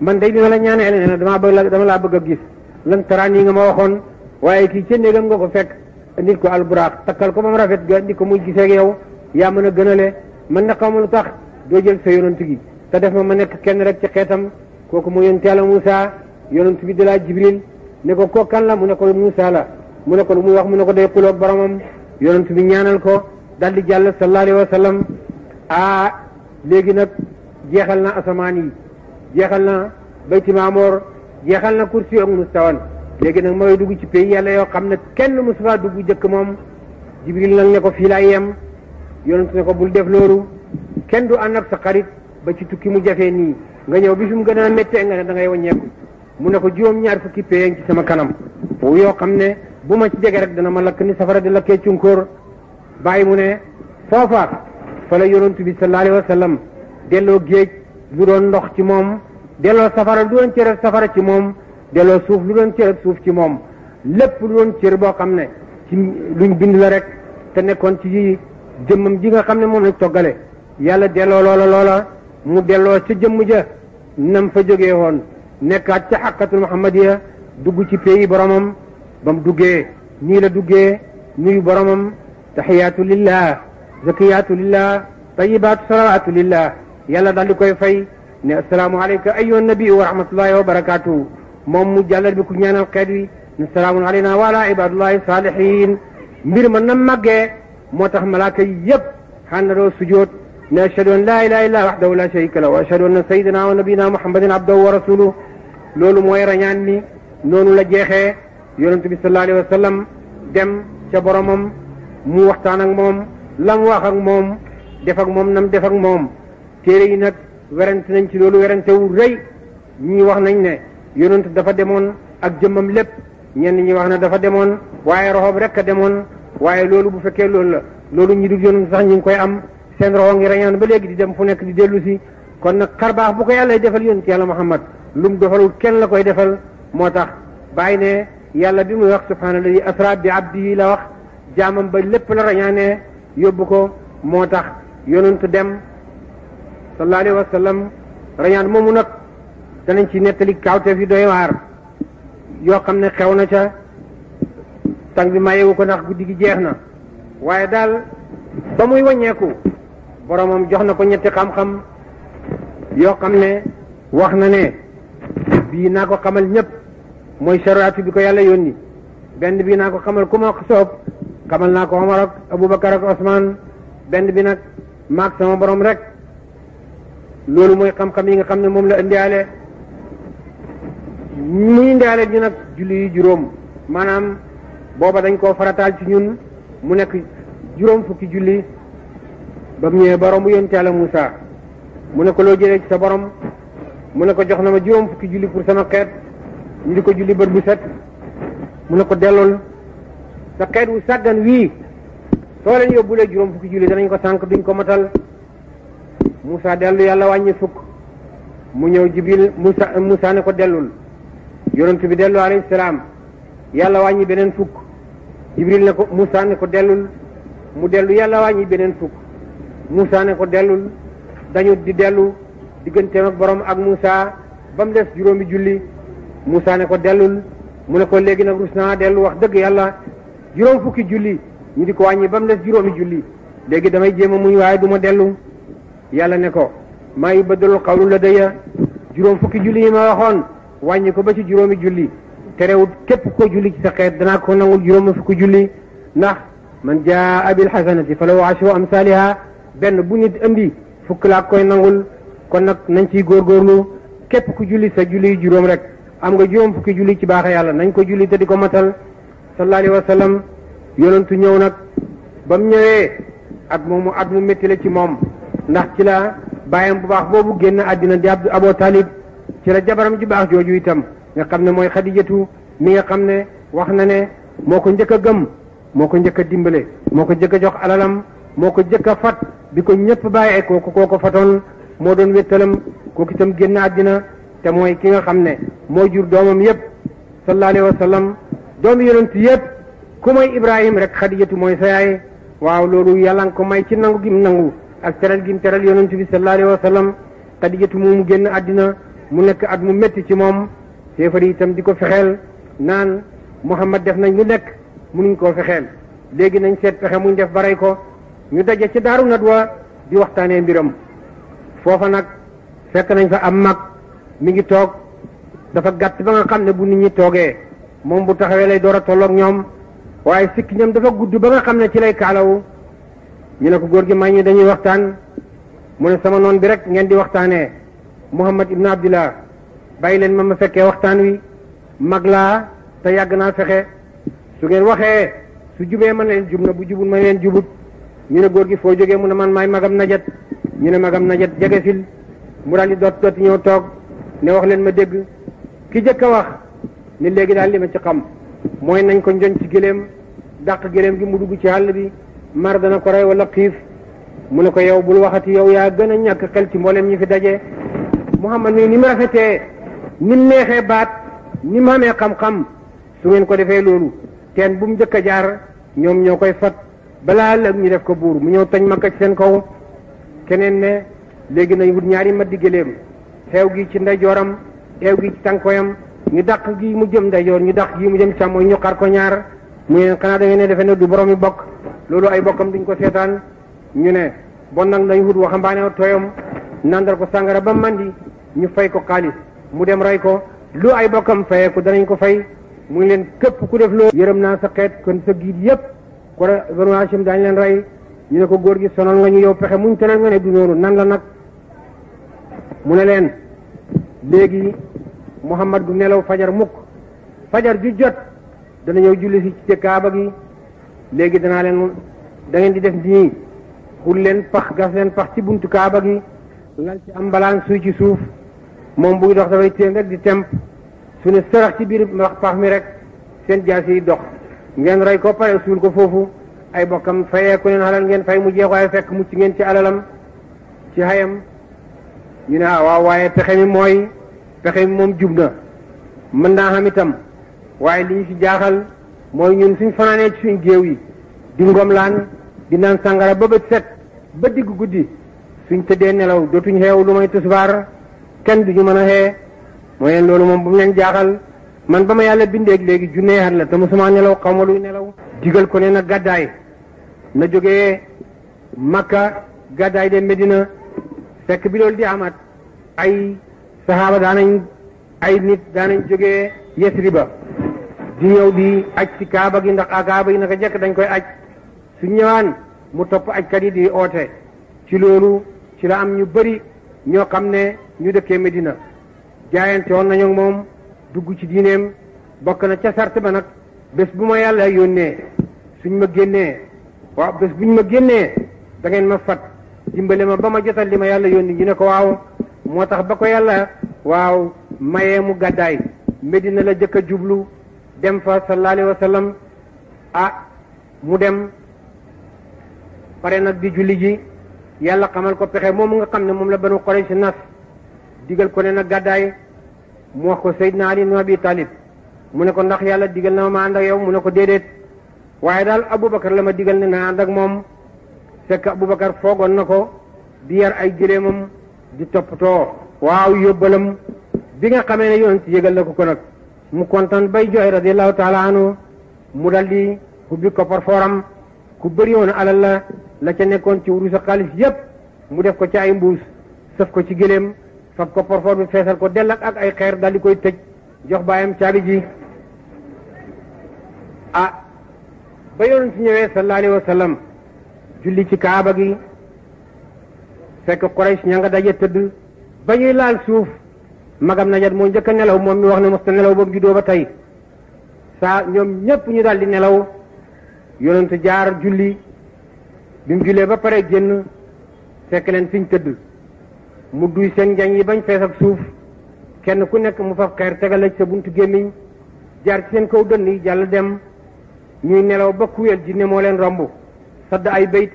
man day dina la ñaanee nee na damaa bëgg dama laa bëgg a gis lan taraan yi nga ma waxoon waaye kii ca néegam nga ko fekk nit ko alburaax takkal ko ba mu rafet ga ndi ko muy gisee ak yow yaa mën a gënale man na xamul tax doo jël sa gi te ma nekk kenn rek ci xeetam kooku mu yonent yàlla Moussa yonent bi dalaa jibril ne ko ko kan la mu ne ko Muusa la mu ne ko lu wax mu ne ko day xuloog boromam yonent bi ñaanal ko daal di jàll sallallahu alayhi wa sallam ah léegi nag jeexal na asamaan yi jeexal na bayti maamoor jeexal na kursi ak mustawan léegi nag mooy dugg ci pays yàlla yoo xam ne kenn mosu faa dugg jëkk moom jibril nag ne ko fii laay yem yonent ne ko bul def loolu kenn du ànd ak sa xarit ba ci tukki mu jafee nii nga ñëw bi fi mu gën a méttee nga ne da mu ne ko juróom-ñaar fukki péyeng ci sama kanam yoo xam ne bu ma ci jege rek dana ma lakk ni safara di lakkee cunkóor bàyyi mu ne foofaat fa la yonent bi sallallahu alayhi delloo géej lu doon ndox ci moom delloo safara lu doon cërëb safara ci moom delloo suuf lu doon cërëb suuf ci moom lépp lu doon cër boo xam ne ci luñ bind la rek te nekkoon ci jëmmam ji nga xam ne moom lañ toggale yàlla delloo loola loola mu delloo ca jëmm ja nam fa jóge woon nekkaat ca xàqatul muhammadiya dugg ci pays boromam ba mu duggee nii la duggee nuyu boromam taxiyaatu lillah zakiyaatu lillah tayibaatu salawaatu lillah yàlla daal di koy fay ne asalaamu aleyka ayyuha nabi wa rahmatullahi wa barakaatu moom mu jàllal bi ku ñaanal xeet wi ne salaamun aleyna wa ala ibadullahi salihin mbir ma na màggee moo tax malaaka yi yëpp xànnadoo sujoot ne ashhadu an la ilaha illa wahdahu la sharika lahu wa ashhadu anna sayyidina wa nabiyina muhammadin abduhu wa rasuluhu loolu mooy rañaan ni noonu la jeexee yonent bi sallallahu alayhi wa sallam dem ca boromam mu waxtaan ak moom lam wax moom def moom nam def ak moom téere yi nag werante nañ ci loolu werante wu rëy ñii wax nañ ne yonent dafa demoon ak jëmmam lépp ñenn ñi wax ne dafa demoon waaye roxob rek a demoon waaye loolu bu fekkee loolu la loolu ñi dul yonent sax ñu ngi koy am seen roxo ngi rañaan ba léegi di dem fu nekk di dellu si kon nag xarbaax bu ko yàlla defal yonent yàlla Muhammad lu mu defalul kenn la koy defal moo tax bàyyi ne yàlla bi muy wax subhaanalladi asra bi abdihi la wax jaamam ba lépp la rañaane yóbbu ko moo tax yonent dem sallallahu alayhi wa sallam rañaan moomu nag danañ ci nettali te yi doy waar yoo xam ne xew na ca tàng bi mayewu ko ndax guddi gi jeex na waaye daal ba muy wàññeeku boromam jox na ko ñetti xam-xam yoo xam ne wax na ne bi naa ko xamal ñëpp mooy shariatu bi ko yàlla yónni benn bi naa ko xamal ku ma soob xamal naa ko omar ak abubakar ak benn bi nag maag sama borom rek loolu mooy xam-xam yi nga xam ne moom la indiaale muy indiaale ñu nag julli yi juróom maanaam booba dañ koo farataal ci ñun mu nekk juróom fukki julli ba mu ñëwee mu ne ko loo ci sa borom mu ne ko jox na ma juróom fukki julli pour sama xeet ñu di ko julli bët set mu ne ko dellool sa xeet wu sàggan wii soo leen yóbbulee juróom fukki julli danañ ko sànq duñ ko matal Moussa dellu yàlla wàññi fukk mu ñëw Jibril Moussa Moussa ne ko dellul yonent bi dellu alayhi salaam yàlla wàññi beneen fukk Jibril na ko Moussa ne ko dellul mu dellu yàlla wàññi beneen fukk Moussa ne ko dellul dañu di dellu digganteem ak borom ak Moussa ba mu des juróomi julli Moussa ne ko dellul mu ne ko léegi nag rus naa dellu wax dëgg yàlla juróom fukki julli ñu di ko wàññi ba mu des juróomi julli léegi damay jéem a muñ waaye ma dellu yàlla ne ko maa yu bëddalul xawlu la daya juróom fukki julli yi ma waxoon wàññi ko ba ci juróomi julli tere wut képp ko julli ci sa xeet danaa ko nangul juróomi fukki julli ndax man jaa abil xasanati fa lahu ashru amsaliha benn bu nit indi fukk laa koy nangul kon nag nañ ci góor góorgóorlu képp ku julli sa julli juróom rek am nga juróom fukki julli ci baaxe yàlla nañ ko julli te di ko matal sallallahu alayhi wa sallam yonentu ñëw nag ba mu ñëwee at moomu at mu métti la ci moom ndax ci la bàyyam bu baax boobu génn àddina di Abdu Abo Talib ci la jabaram ji baax jooju itam nga xam ne mooy xadijatu mi nga xam ne wax na ne moo ko njëkk a gëm moo ko njëkk a dimbale moo ko njëkk jox alalam moo ko njëkk a fat bi ko ñëpp bàyyee kooku koo moo doon wéttalam kooku itam génn àddina te mooy ki nga xam ne moo jur doomam yépp sallallahu alayhi wa sallam doomu yonent yépp ku mooy Ibrahim rek xadijatu mooy sa yaay waaw loolu yàlla nga ko may ci nangu gim nangu ak teral gim teral yonent bi sallallahu alayhi wa sallam xadijatu moomu génn àddina mu nekk at mu métti ci moom séefar itam di ko fexeel naan Muhammad def nañ lu nekk munuñ koo fexeel léegi nañ seet pexe muñ def ba ko ñu daje ci daaru wa di waxtaanee mbiram foofa nag fekk nañ fa am mag mi ngi toog dafa gàtt ba nga xam ne bu nit ñi toogee moom bu taxawee lay door a tolloog ñoom waaye sikki ñoom dafa gudd ba nga xam ne ci lay kaalawu ñu ne ko góor gi may ñu dañuy waxtaan mu ne sama noon bi rek ngeen di waxtaanee Muhammad ibnu Abdillah bàyyi leen ma ma fekkee waxtaan wi mag laa te yàgg naa fexe su ngeen waxee su jubee ma ne leen jub na bu jubul ma leen jubut ñu ne góor gi foo jógee mu ne man maay magam najat ñu ne magam na jege sil mu daal di doot dooti ñëw toog ne wax leen ma dégg ki jëkk a wax ni léegi daal li ma ci xam mooy nañ ko njoñ ci gëléem daq gëléem gi mu dugg ci àll bi mar dana ko rey wala xiif mu ne ko yow bul waxati yow yaa gën a ñàkk xel ci mboolem ñi fi daje Muhammad mii ni mu rafetee ni mu neexee baat ni mu amee xam-xam su ngeen ko defee loolu teen bu mu jëkk a jaar ñoom ñoo koy fat balaa ëllëg ñu def ko buur mu ñëw tañ makka ci seen kaw keneen ne léegi nañ wut ñaari maddi gëléem xeew gi ci ndeyjooram xeew gi ci tànkoyam ñu dàq gi mu jëm ndeyjoor ñu dàq gi mu jëm càmmooñ ñu xar ko ñaar mu ne xanaa defe ne du borom yi bokk loolu ay bokkam duñ ko seetaan ñu ne bon nag dañu wut waxambaane tooyam nandal ko sàngara ba mandi ñu fay ko xaalis mu dem rey ko lu ay bokkam fayee ko danañ ko fay mu ngi leen képp ku def loolu yërëm naa sa xeet kon sa giid yépp ko Banu Hashim leen rey ñu ne ko góor gi sonal nga ñu yow pexe muñ tëral nga ne du noonu nan la nag mu ne leen léegi Muhammad du nelaw fajar mukk fajar ju jot dana ñëw julli si ci kaaba gi léegi danaa leen da ngeen di def nii xul leen pax gas leen pax ci buntu kaaba gi lal ci am mbalaan suy ci suuf moom buy dox dafay téen rek di temp su ne sërax ci biir wax pax mi rek seen jaas yi dox ngeen rey ko pare suul ko foofu ay bokkam fayeeku leen halal ngeen fay mu jeexu waaye fekk mucc ngeen ci alalam ci hayam ñu ne ah, waaw waaye pexe mi mooy pexe mi moom jub na mën naa xam itam waaye li ñu si jaaxal mooy ñun suñ fanaanee ci suñ géew yi di ngom laan di naan sàngara ba bët set ba digg guddi suñ tëddee nelaw dootuñ xeew lu may tusbaar kenn duñu mën a xee mooy leen bu mu jaaxal man ba ma yàlla bindeeg léegi la te nelaw nelaw digal ko ne na gàddaay na jógee Makka gàddaay de Medina fekk bi loolu di amat ay saxaaba daanañ ay nit daanañ jógee Yesriba di ñëw di aj ci kaaba gi ndax akaaba yi naka jekk dañ koy aj su ñëwaan mu topp ajkat yi di oote ci loolu ci la am ñu bari ñoo xam ne ñu dëkkee Medina jaayante woon nañu moom dugg ci diineem bokk na ca sart ba nag bés bu ma yàlla yónnee suñ ma génnee waaw bés buñ ma génnee dangeen ma fat dimbale ma ba ma jotal li ma yàlla yónni ñu ne ko waaw moo tax ba ko yàlla waaw mayee mu gàddaay Medina la jëkk a jublu dem fa sallallahu alayhi wa ah mu dem pare nag di julli ji yàlla xamal ko pexe moom nga xam ne moom la banu Quraysh nas digal ko ne na gàddaay mu wax ko Seydina Ali ibn Abi Talib mu ne ko ndax yàlla digal na ma ànd yow mu ne ko déedéet waaye daal aboubacar la ma digal ne na ànd ak moom fekk aboubacar foogoon na ko di yar ay gëléemam di toppatoo waaw yóbbalam bi nga xamee ne yoon ci yëgal na ko ko nag mu kontaan bay jooy radiallahu taala anhu mu dal di ubbi koppar fooram ku bëri woon alal la la ca nekkoon ci wuru sa xaalis yépp mu def ko ci ay mbuus sëf ko ci gëléem fab koppar foor bi feesal ko dell ak ay xeer dal di koy tëj jox baayam caabi ji ah ba yonent si ñëwee sallallahu alayhi wa julli ci kaaba gi fekk Quraysh ña nga daje tëdd ba ñuy laal suuf magam najat moo njëkk a nelaw moom mi wax ne mos ta nelaw boobu juddoo ba tey saa ñoom ñépp ñu daal di nelaw yonent jaar julli bi mu jullee ba pare génn fekk leen fiñ tëdd mu duy seen njañ yi bañ fees ak suuf kenn ku nekk mu faf xeer tegale ci sa buntu gémmiñ jaar ci seen kaw dënn yi jàll dem ñuy nelaw ba kuweel jinne moo leen romb sadd ay bayt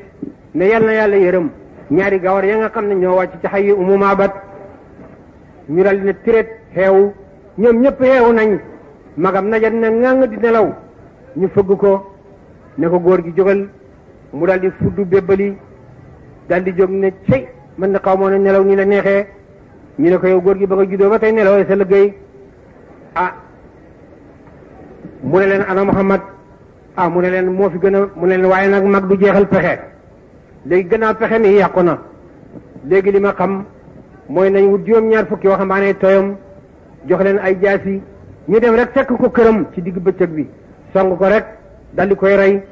ne yal na yàlla yërëm ñaari gawar ya nga xam ne ñoo wàcc ci xay yi umuma bat ñu dal ne tiret xeewu ñoom ñëpp xeewu nañ magam najat ne ngang di nelaw ñu fëgg ko ne ko góor gi jógal mu dal di fudd bébbali dal jóg ne cey mën na xaw moo ne nelaw nii la neexee ñu ne ko yow góor gi ba nga juddoo ba tey nelawee sa liggéey ah mu ne leen ana Muhammad ah mu ne leen moo fi gën a mu ne leen waaye nag mag du jeexal pexe léegi gën a pexe mi yàqu na léegi li ma xam mooy nañ wut juróom-ñaar fukki waxambaane tooyam jox leen ay jaasi ñu dem rek fekk ko këram ci diggu bëccëg bi song ko rek dal di koy rey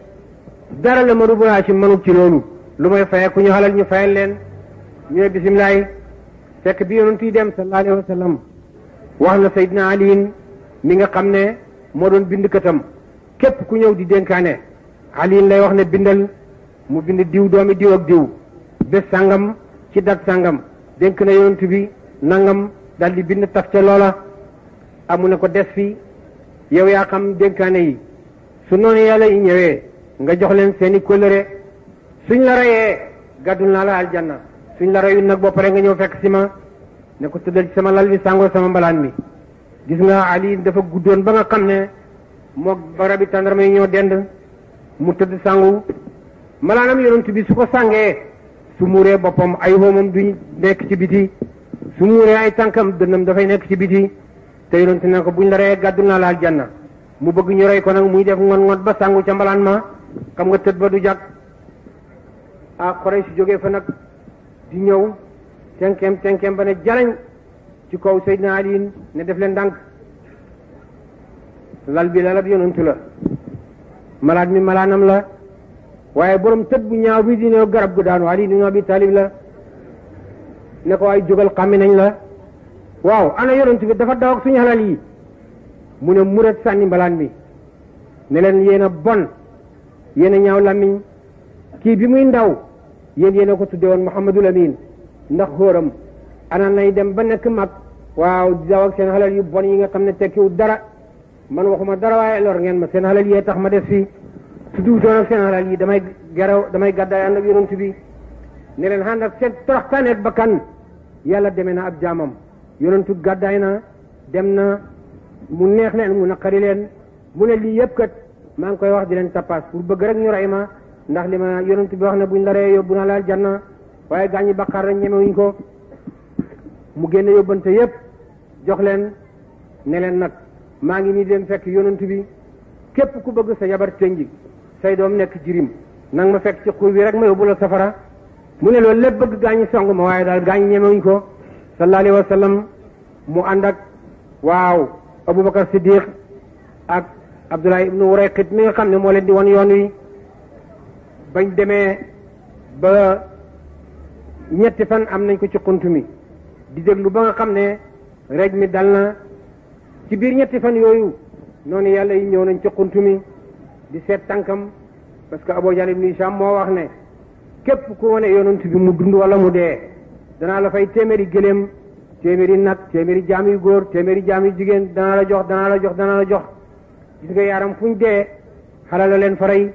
dara la madu bunaa ci mënut ci loolu lu may faye ku ñu xalal ñu fayal leen ñu ne bisimilaay fekk bi yonent dem sallallahu alayhi wa wax na Seydina Aliin mi nga xam ne moo doon bind katam képp ku ñëw di dénkaane aliin lay wax ne bindal mu bind diw doomi diw ak diw bés sangam ci dat sangam dénk na yonent bi nangam dal di bind taf ca loola amu ne ko des fi yow yaa xam dénkaane yi su noonu yàlla yi ñëwee nga jox leen seeni kóllëre suñ la rayee gàddul naa la aljanna suñ la rayu nag ba pare nga ñëw fekk sima ne ko tëddal ci sama lal bi sàngoo sama mbalaan mi gis nga ali dafa guddoon ba nga xam moo barabi tàndarma yi ñoo dend mu tëdd sangu malaanam yonent bi su ko sàngee su muuree boppam ay hoomam du nekk ci biti su muuree ay tànkam dënnam dafay nekk ci biti te yonent ne ko buñ la reyee gàddu naa la aljanna mu bëgg ñu rey ko nag mu muy def ngon-ngon ba sangu ca mbalaan ma xam nga tëdd ba du jàkk a ah, Quraysh si jógee fa nag di ñëw tenkeem tenkeem ba ne jalañ ci kaw Seydina Ali ne def leen dànk lal bi lalab yonantu la malaat mi malaanam la waaye borom tët bu ñaaw bi di ne garab gu daanu Ali ibn Abi Talib la ne ko ay jógal xàmmi nañ la waaw ana yonantu bi dafa daw ak suñu yi mu ne muret sànni mbalaan bi ne leen yéen bon yéen a ñaaw làmmiñ kii bi muy ndaw yen yéen a ko tudde woon Muhammadul Amin ndax xóoram ana nay dem ba nekk mag waaw daw ak seen xalal yu bon yi nga xam ne tekkiwu dara man waxuma dara waaye lor ngeen ma seen xalal yee tax ma def fii su duutoon ak seen xalal yi damay geraw damay gàddaay ànd ak yonent bi ne leen ànd ak seen toroxtaneet bakkan yàlla demee na ab jàmmam yonentu gàddaay na dem na mu neex leen mu naqari leen mu ne lii yëpp kat maa ngi koy wax di leen tappaas pour bëgg rek ñu rey ma ndax li ma yonentu bi wax ne buñ la reyee yóbbu na laal na waaye gaañi bàkkaar rek ñemewuñ ko mu génne yóbbante yëpp jox leen ne leen nag maa ngi nii dem fekk yonent bi képp ku bëgg sa jabar tënji say doom nekk jirim nang ma fekk ci xuur bi rek ma yóbbu la safara mu ne loolu lépp bëgg gaañ song ma waaye daal gaañ ñemewuñ ko sallallahu alayhi wa sallam mu ànd ak waaw aboubacar siddiq ak abdoulaye ibnu wurayqit mi nga xam ne moo leen di won yoon wi bañ demee ba ñetti fan am nañ ko ci xunt mi di déglu ba nga xam ne rej mi dal na ci biir ñetti fan yooyu noonu yàlla yi ñëw nañ ci xuntu di seet tànkam parce que Abu Jahl ibn Hisham moo wax ne képp ku wane yonent bi mu dund walla mu dee danaa la fay téeméeri gëléem téeméeri nag téeméeri jaam yu góor téeméeri jaam yu jigéen danaa la jox danaa la jox danaa la jox gis nga yaaram fu ñu dee xala la leen faray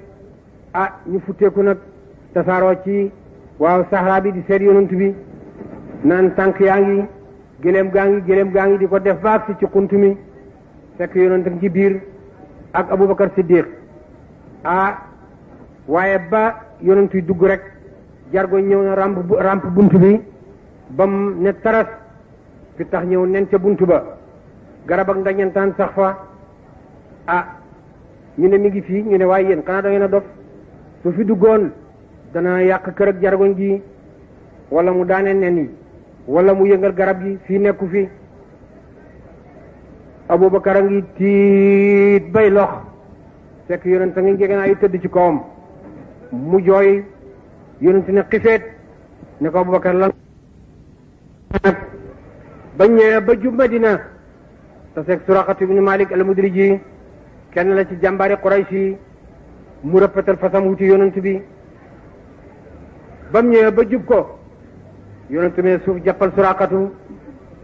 ah ñu futteeku nag tasaaroo ci waaw saxraa bi di seet yonent bi naan tànk yaa ngi gëléem gaa ngi gëléem gaa ngi di ko def baag si ci xunt fekk yonent ci biir ak abubakar siddiq ah waaye ba yonent yi dugg rek jargo ñëw na ramp ramp bunt bi bam ne taras fi tax ñëw nen ca bunt ba garab ak ndañentaan sax fa ah ñu ne mi ngi fii ñu ne waaye yéen xanaa da ngeen a dof su fi duggoon dana yàq kër ak jargoñ gi wala mu daane nen yi wala mu yëngal garab gi fii nekku fi abubakar a ngi tiit bay lox fekk yonent a ngi njegenaay tëdd ci kawam mu jooy yonent ne xifeet ne ko abubakar lan nag bañ ba jub madina te seeg suraqatu ibnu malik almudriji kenn la ci jàmbaari quraysh yi mu rëppatal fasam wuti yonent bi ba mu ñëwee ba jub ko yonent bi suuf jàppal suraqatu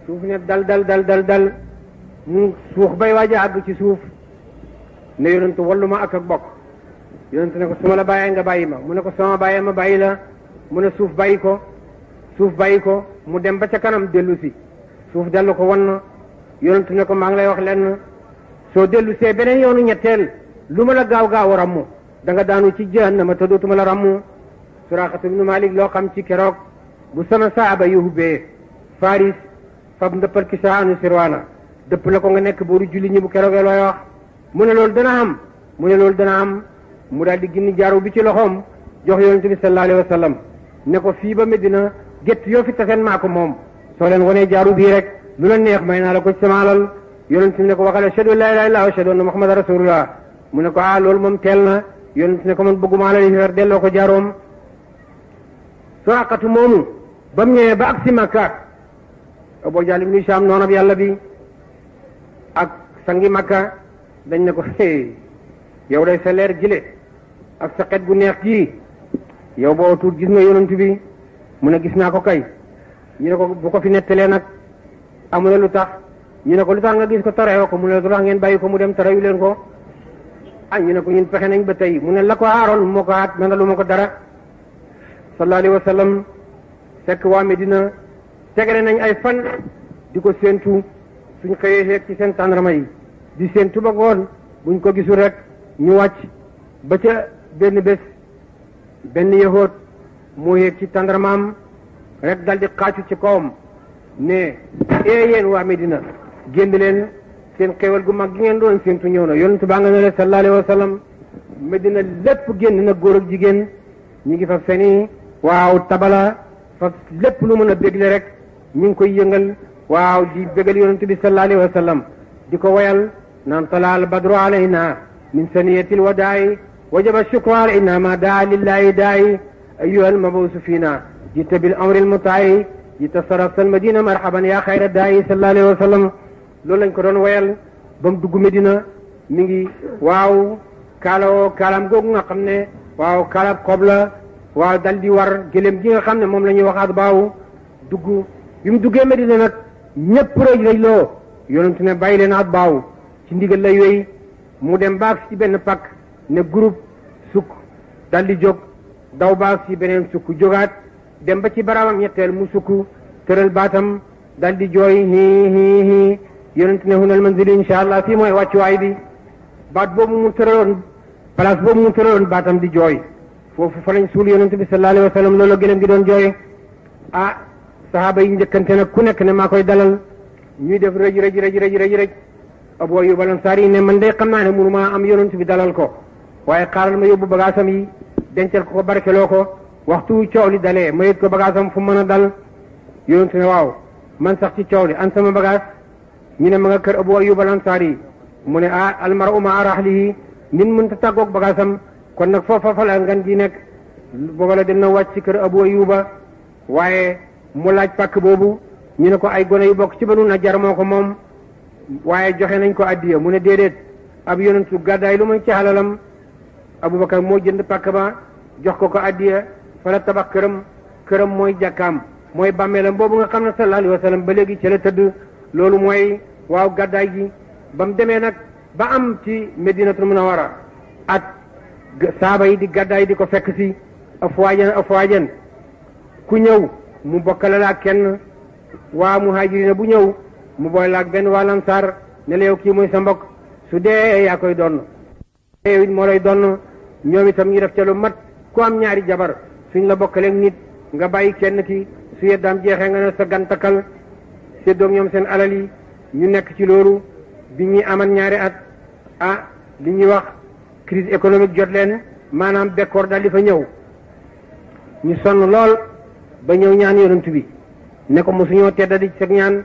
suuf ne dal dal dal mu suux bay waaj a ci suuf ne yonentu wallu ma ak ak bokk yonentu ne ko su ma la bàyyee nga bàyyi ma mu ne ko sama bàyyee ma bàyyi la mu ne suuf bàyyi ko suuf bàyyi ko mu dem ba ca kanam dellu si suuf dellu ko wan na yonentu ne ko maa ngi lay wax lenn soo dellu see beneen yoonu ñetteel lu ma la gaaw gaaw a ràmmu da nga daanu ci ma te dootuma la ràmmu suraaqatu ibnu malik loo xam ci keroog bu sama saaba yu hubbee faris fab ndëppal kisaanu sirwaana dëpp la ko nga nekk booru julli ñi bu keroogee looy wax mu ne loolu dana am mu ne loolu dana am mu daal di gindi jaaru bi ci loxoom jox yonente bi sallallahu alayhi ne ko fii ba Medina gétt yoo fi taseen maa ko moom soo leen wanee jaaru bii rek lu la neex may naa la ko ci sama alal yonente bi ne ko waxal ashhadu an laa ilaaha illallaah wa ashhadu mu ne ko ah loolu moom teel na yonente ne ko man bëgguma la li delloo ko jaaroom Suraqatu moomu ba mu ñëwee ba ak yàlla bi sangi makka dañ ne ko yow day sa leer gile ak sa xet gu neex gii yow boo tuut gis nga yonent bi mu ne gis naa ko kay ñu ne ko bu ko fi nettalee nag amu ne lu tax ñu ne ko lu tax na gis ko tarewoo ko mu ne lu tax ngeen bàyyi ko mu dem tarewu leen ko ah ñu ne ko ñun pexe nañ ba tey mu ne la ko aaroon moo ko aat mën na lu ma ko dara sallallahu alayhi wa sallam fekk waa Medina tegere nañ ay fan di ko séentu suñ xëyee xeeg ci seen tàndarma yi di seen tuba goon buñ ko gisul rek ñu wàcc ba ca benn bés benn yahoot moo yéeg ci tàndarmaam rek dal di xaacu ci kawam ne ee eh, yéen waa Medina génn leen seen xéewal gu mag gi ngeen doon séentu ñëw na yonentu baa nga ne sallallahu alayhi wa sallam Medina lépp génn na góor ak jigéen ñu ngi fa feni waaw tabala fa lépp lu mën a bégle rek ñu ngi koy yëngal waaw di bégal yonent bi sallallahu alayhi wa sallam di ko woyal naan talaal badru alayna min saniyatil wadaayi wajaba shukru alayna ma daa lillahi daayi ayuha almabuusu fiina jita bil amri almutaayi jita sarafta almadina marhaban yaa xayra daayi sallallahu alayhi wa sallam loolu lañ ko doon woyal ba mu dugg Medina mi ngi waaw kaalawoo kaalaam googu nga xam ne waaw kaalaab xob la waaw dal di war gëléem gi nga xam ne moom la ñuy waxaat baaw dugg bi mu duggee Medina nag ñëpp rëj rëj loo yonentu ne bàyyi leen ab baaw ci ndigal la yooyu mu dem baag ci benn pakk ne groupe sukk daldi jóg daw baag ci beneen sukk jogaat dem ba ci baraamam ñetteel mu sukk tëral baatam daldi jooy hii hii hii yonentu ne hunal manzili insha allah fii mooy wàccuwaay bi baat boobu mu tëraloon place boobu mu tëraloon baatam di jooy foofu fa lañ suul yonentu bi sallallahu alayhi wa sallam loolu gi doon jooy ah, saxaaba yi njëkkante nag ku nekk ne maa koy dalal ñuy def rëj rëj rëj rëj rëj Abu Ayyub al yi ne ma day xam naa ne mënu maa am yonent bi dalal ko waaye xaaral ma yóbbu bagaasam yi ko ko barkeloo ko waxtu coow li dalee ma yët ko bagaasam fu mën a dal yonent ne waaw man sax ci coow li an sama bagaas ñu ne ma nga kër Abu Ayyub al-Ansari yi mu ne a ah, almar uma arahlihi nit mën ta tàggoog bagaasam kon nag foofa fa la ngan gi nekk booba la dem na wàcc ci kër Abu Ayyuba waaye mu laaj pàkk boobu ñu ne ko ay gone yu bokk ci banu Najjar moo ko moom waaye joxe nañ ko addiya mu ne déedéet ab yonentu gàddaay lu muy ci abu Abubakar moo jënd pàkk ba jox ko ko addiya fa la tabax këram këram mooy jàkkaam mooy bàmmeelam boobu nga xam ne sallallahu alayhi ba léegi ci la tëdd loolu mooy waaw gàddaay gi ba mu demee nag ba am ci Medinatul Munawwara ak saaba yi di gàddaay di ko fekk si afwaajan afwaajan ku ñëw mu bokkale la ak kenn waa muhaajirina bu ñëw mu booy la ak benn waa lansaar ne kii mooy sa mbokk su dee yaa koy donn yow moo lay donn ñoom itam ñu def ca lu mat ku am ñaari jabar suñ la bokkaleeg nit nga bàyyi kenn ki su yeddaam jeexee nga ne sa gan takkal ñoom seen alal yi ñu nekk ci loolu bi ñuy amal ñaari at a ah, li ñuy wax crise économique jot leen maanaam bekkoor daal di fa ñëw ñu sonn lool ba ñëw ñaan yonent bi ne ko mosuñoo tedda di sag ñaan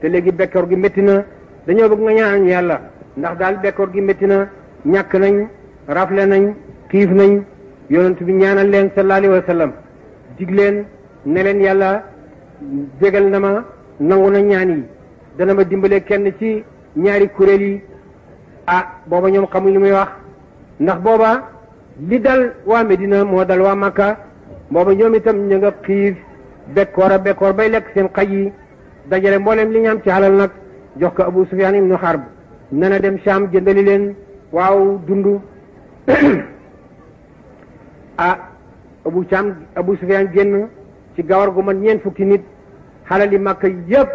te léegi bekkoor gi métti na dañoo bëgg nga ñaan yàlla ndax daal bekkoor gi metti na ñàkk nañ rafle nañ xiif nañ yonent bi ñaanal leen sallallahu alayhi wa sallam dig leen ne leen yàlla jégal na ma nangu nañ ñaan yi dana ma dimbale kenn ci ñaari kuréel yi ah booba ñoom xamuñ lu muy wax ndax booba li dal waa Medina moo dal waa Makka moomu ñoom itam ñu nga xiif bekkoor a bekkoor bay lekk seen xaj yi dajale mboolem li ñu ci alal nag jox ko abu Sufyan ibnu xarb Nana dem sham jëndali leen waaw dund ah abu sham abu Sufyan génn ci gawar gu man ñeen fukki nit xalal yi màkk yépp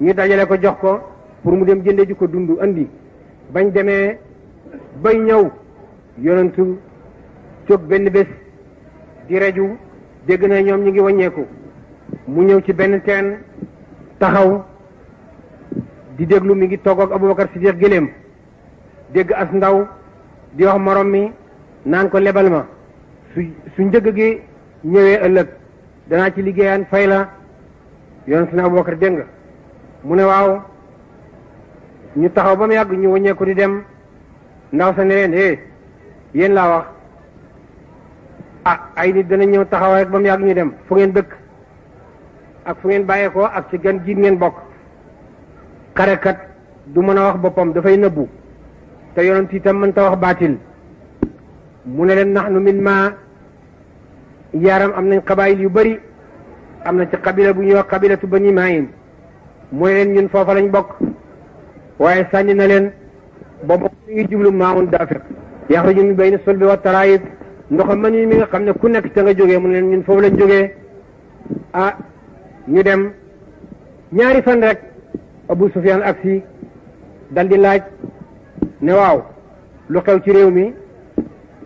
ñu dajale ko jox ko pour mu dem jënde ji ko dund andi bañ demee bay ñëw yonentu jóg benn bés di reju dégg na ñoom ñu ngi wàññeeku mu ñëw ci benn teen taxaw di déglu mi ngi toog ak Aboubacar Siddiq gëléem dégg as ndaw di wax morom mi naan ko lebal ma su su njëg gi ñëwee ëllëg danaa ci liggéeyaan fay la yoon su ne Aboubacar dégg nga mu ne waaw ñu taxaw ba mu yàgg ñu wàññeeku di dem ndaw sa ne leen eh yéen laa wax ah ay nit dana ñëw taxaw rek ba mu dem fu ngeen dëkk ak fu ngeen bàyyeekoo ak ci gan jiit ngeen bokk karekat du mën a wax boppam dafay nëbbu te yonent itam mën ta wax baatil mu ne leen nax nu min ma yaaram am nañ xabaayil yu bari am na ci xabila bu ñuy wax xabilatu bani maayin mu ne leen ñun foofa lañ bokk waaye sànni na leen boobu ñu ngi jublu maamun daafir yaxruju min bayni sulbi wa taraayib ndoxam ma ñu mi nga xam ne ku nekk ca nga jógee mu ne leen ñun foofu lañ jógee ah ñu dem ñaari fan rek Abu Sufyaan agsi dal di laaj ne waaw lu xew ci réew mi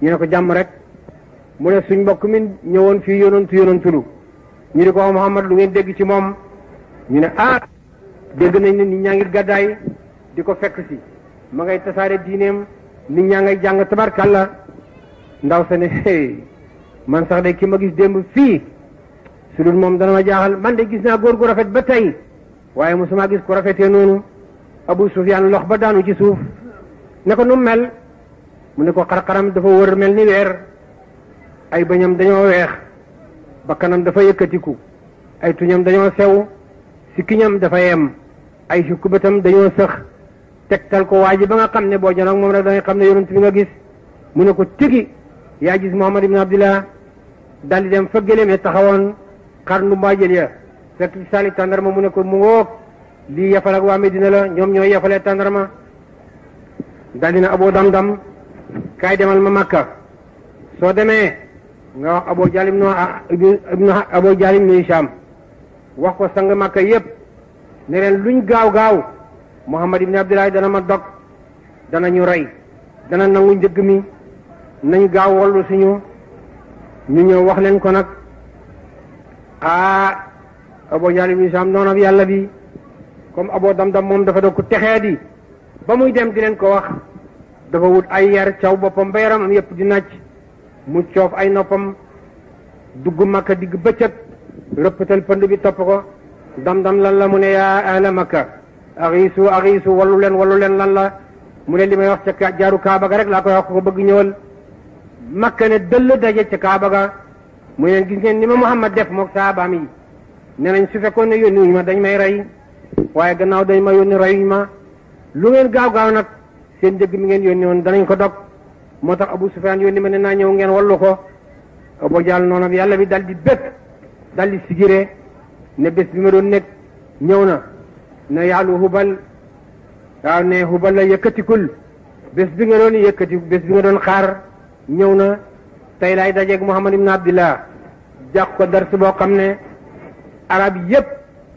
ñu ne ko jàmm rek mu ne suñ mbokk mi ñëwoon fii yonantu yonantulu ñu di ko wax Muhammad lu ngeen dégg ci moom ñu ne a ah, dégg nañ ne nit ñaa ngi gàddaay di ko fekk si ma ngay tasaare diineem nit ñaa ngay jàng tabarkàlla ndaw sa ne hey man sax de ki ma gis démb fii su dul moom dana ma jaaxal man de gis naa góor gu rafet ba tey waaye mosuma gis ku rafetee noonu Abu Sufyaan lox ba daanu ci suuf ne ko nu mel mu ne ko xar-xaram dafa wër mel ni weer ay bañam dañoo weex bakkanam dafa yëkkatiku ay tuñam dañoo sew sikkiñam dafa yem ay sukkubatam dañoo sëx tegtal ko waa ji ba nga xam ne boo janoog moom rek da xam ne yonent bi nga gis mu ne ko tigi yaa gis Muhammad ibn Abdillah dal di dem fa gëléem ya taxawoon xarnu mbaajël ya fekk ci saali tàndarma mu ne ko mu ngoog lii yafal ak waa Medina la ñoom ñooy yafalee tàndarma dal dina aboo dam-dam kaay demal ma makka soo demee nga wax aboo jalim no ibn aboo jalim wax ko sang makka yépp ne leen luñ gaaw gaaw Muhammad ibn Abdillah dana ma dog dana ñu rey dana nangu njëgg mi nañu gaaw wallu suñu ñu ñëw wax leen ko nag ah abo jali bi sam noonu yàlla bi comme abo dam dam moom dafa doon ku texee di ba muy dem di leen ko wax dafa wut ay yar caw boppam ba yaram am yépp di nàcc mu coof ay noppam dugg makka digg bëccëg rëppatal pënd bi topp ko dam dam lan la mu ne yaa makka axiisu axiisu wallu leen wallu leen lan la mu ne li may wax ca jaaru kaaba rek laa koy wax ko bëgg ñëwal makka ne dëll daje ca kaaba ga mu leen gis ngeen ni ma Muhammad def mook saabaam yi ne nañ su fekkoon ne yónni wuñ ma dañ may rey waaye gannaaw dañ ma yónni reyuñ ma lu ngeen gaaw gaaw nag seen dëgg mi ngeen yónni woon danañ ko dog moo tax Abu Sufyaan yónni ma ne naa ñëw ngeen wallu ko Abu Jahl noonu yàlla bi dal di bépp dal di sigire ne bés bi ma doon nekk ñëw na ne yàllu hubal waaw ne hubal la yëkkatikul bés bi nga doon yëkkati bés bi nga doon xaar ñëw na tey lay dajeeg Muhammad ibn Abdillah jax ko dars boo xam ne arab yépp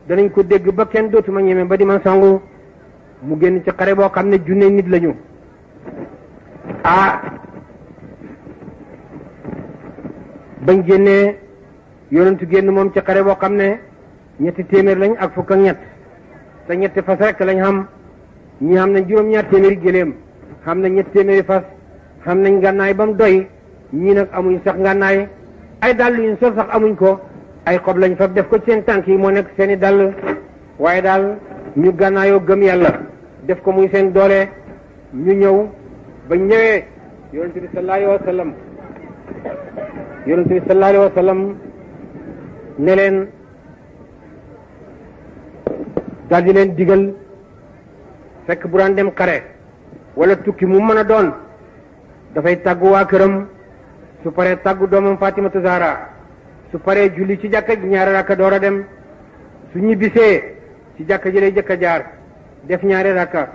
danañ ko dégg ba kenn dootuma ñeme ba di ma sangu mu génn ci xare boo xam ne junne nit lañu ah bañ génnee yonentu génn moom ci xare boo xam ne ñetti téeméer lañ ak fukk ak ñett te ñetti fas rek lañ xam ñi xam ne juróom-ñaar téeméeri géléem xam ne ñetti téeméeri fas xam nañ gànnaay ba mu doy ñii nag amuñ sax ngànnaay ay dàll yuñ sol sax amuñ ko ay xob lañ fa def ko seen tànk yi moo nekk seeni dàll waaye daal ñu gànnaayoo gëm yàlla def ko muy seen doole ñu ñëw ba ñëwee yonente bi sallallahu alayhi wa sallam yonente bi sallallahu alayhi leen daal di digal fekk bu daan dem xare wala tukki mu mën a doon dafay tàggu waa këram su paree tàggu doomam Fatimatu Zahra su paree julli ci jàkka ji ñaari rakka door a dem su ñibbisee ci jàkka jële lay jëkk a jaar def ñaare rakka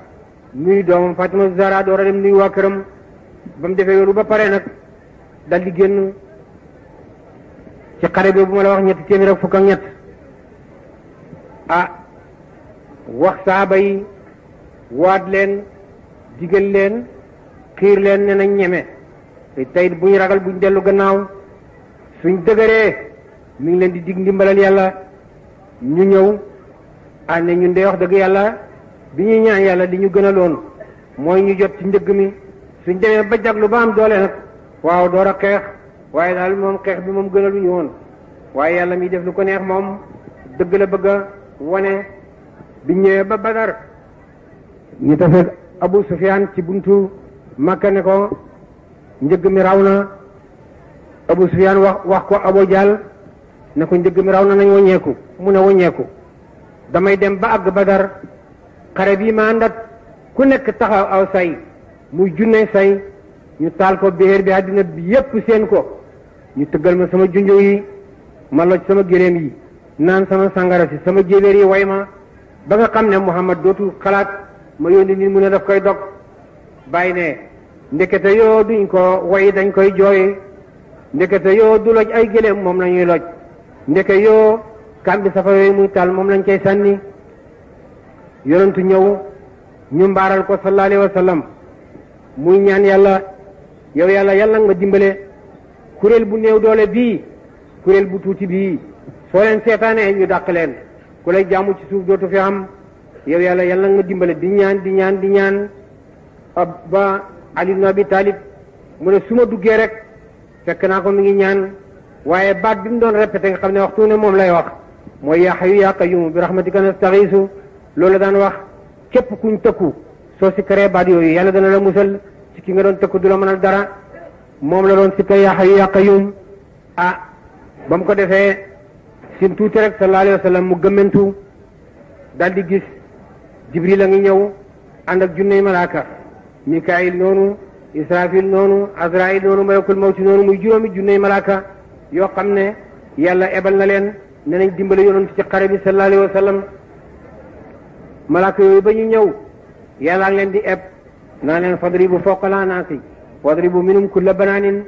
nuyu doomam Fatimatu Zahra door a dem nuyu waa këram ba mu defee loolu ba pare nag dal di génn ci xare bi bu ma la wax ñetti téeméer ak fukk ak ñett ah wax saaba waat leen digal leen xiir leen ne nañ ñeme te tayit buñ ragal buñ dellu gannaaw suñ dëgëree mi ngi leen di dig ndimbalal yàlla ñu ñëw ànd ñun day wax dëgg yàlla bi ñuy ñaan yàlla di ñu gën a loon mooy ñu jot ci ndëgg mi suñ demee ba jaglu ba am doole nag waaw door a xeex waaye daal moom xeex bi moom gënalu ñu woon waaye yàlla mi def lu ko neex moom dëgg la bëgg a wane bi ñëwee ba badar ñu tafeeg abu sufyaan ci buntu makka ne ko njëgg mi raw na abu sufiyaan wax wax ko abu jaal ne ko njëgg mi raw na nañ waññeeku mu ne waññeeku damay dem ba àgg badar xare bii ma àndat ku nekk taxaw aw say muy junne say ñu taal ko biir bi àddina bi yépp seen ko ñu tëggal ma sama junju yi ma loj sama géléem yi naan sama sàngara si sama jéebéer yi way ma ba nga xam ne muhammad dootul xalaat ma yónni nit mu ne daf koy dog bàyyi ne ndekete yoo duñ ko woy dañ koy jooy ndekete yoo du loj ay gëléem moom lañuy loj ndeke yoo kàmbi safa yooyu muy taal moom lañ koy sànni yonentu ñëw ñu mbaaral ko sallallahu alayhi wa sallam muy ñaan yàlla yow yàlla yàlla nga dimbale kuréel bu néew doole bii kuréel bu tuuti bii soo leen seetaanee ñu dàq leen ku lay jaamu ci suuf dootu fi am yow yàlla yàlla nga dimbale di ñaan di ñaan di ñaan Ali ibn Abi Talib mu ne su ma duggee rek fekk naa ko mu ngi ñaan waaye baat bi mu doon répété nga xam ne waxtu ne moom lay wax mooy yaa xayu yaa qayum bi rahmatika nastaxiisu loolu daan wax képp kuñ tëkku soo sikkaree baat yooyu yàlla dana la musal ci ki nga doon tëkku du la mënal dara moom la doon sikkar yaa xayu yaa qayum ah ba mu ko defee sin tuuti rek sallallahu alayhi wa sallam mu gëmmantu daal di gis jibril a ngi ñëw ànd ak junney malaaka mikaayil noonu israfil noonu azrail noonu malakul mawti noonu muy juróomi junney malaaka yoo xam ne yàlla ebal na leen ne nañ dimbale yonent ci xare bi sallallahu alayhi wa sallam malaaka yooyu ba ñu ñëw yàllaa ngi leen di eb na leen fadribu fawqa l-anaaqi wadribu minhum kulla banaanin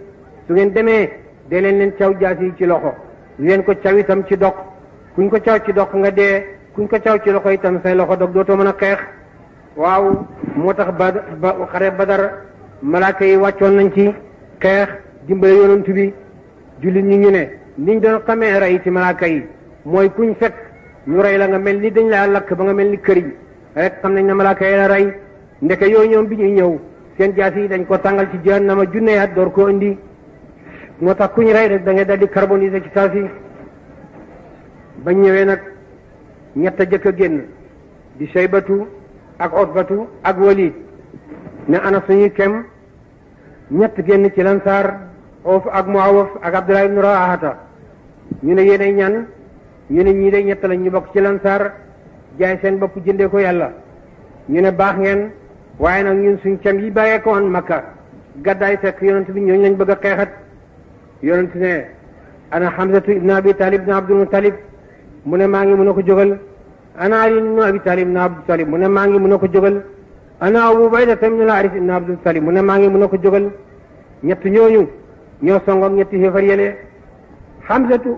su ngeen demee de leen leen caw jaas ci loxo lu leen ko caw itam ci dok kuñ ko caw ci dok nga dee kuñ ko caw ci loxo itam say loxo dog dootoo mën a xeex waaw moo tax ba ba xare badar malaaka yi wàccoon nañ ci xeex dimbale yonent bi jullit ñi ñu ne niñ doon xamee rey ci malaaka yi mooy kuñ fekk ñu rey la nga mel ni dañ laa lakk ba nga mel ni këriñ rek xam nañ ne malaaka yi rey ndeke yooyu ñoom bi ñuy ñëw seen jaas yi dañ ko tàngal ci jahannama junne at door ko indi moo tax kuñ rey rek da ngay daldi carbonisé ci saa si ñëwee nag ñett a jëkk a génn di saybatu ak Utbatu ak Walid ne ana suñuy kem ñett génn ci lansaar Awf ak Muawaf ak Abdullah ibn Rawaahata ñu ne yéenay ñan ñu ne ñii de ñett lañ ñu bokk ci lansaar jaay seen bopp jëndee ko yàlla ñu ne baax ngeen waaye nag ñun suñ kem yi bàyyee ko woon makka gàddaay fekk yonent bi ñooñu lañ bëgg a xeexat yonent ne ana Hamzatu ibn Abi Talib ibn Abdul Muttalib mu ne maa ngi mën a ko jógal ana ali ibn abi talib ibn abdul talib mu ne maa ngi mën a ko jógal ana abu bayda ibn al haris ibn abdul talib mu ne maa ngi mën a ko jógal ñett ñooñu ñoo songoog ñetti xéefar yële xamsatu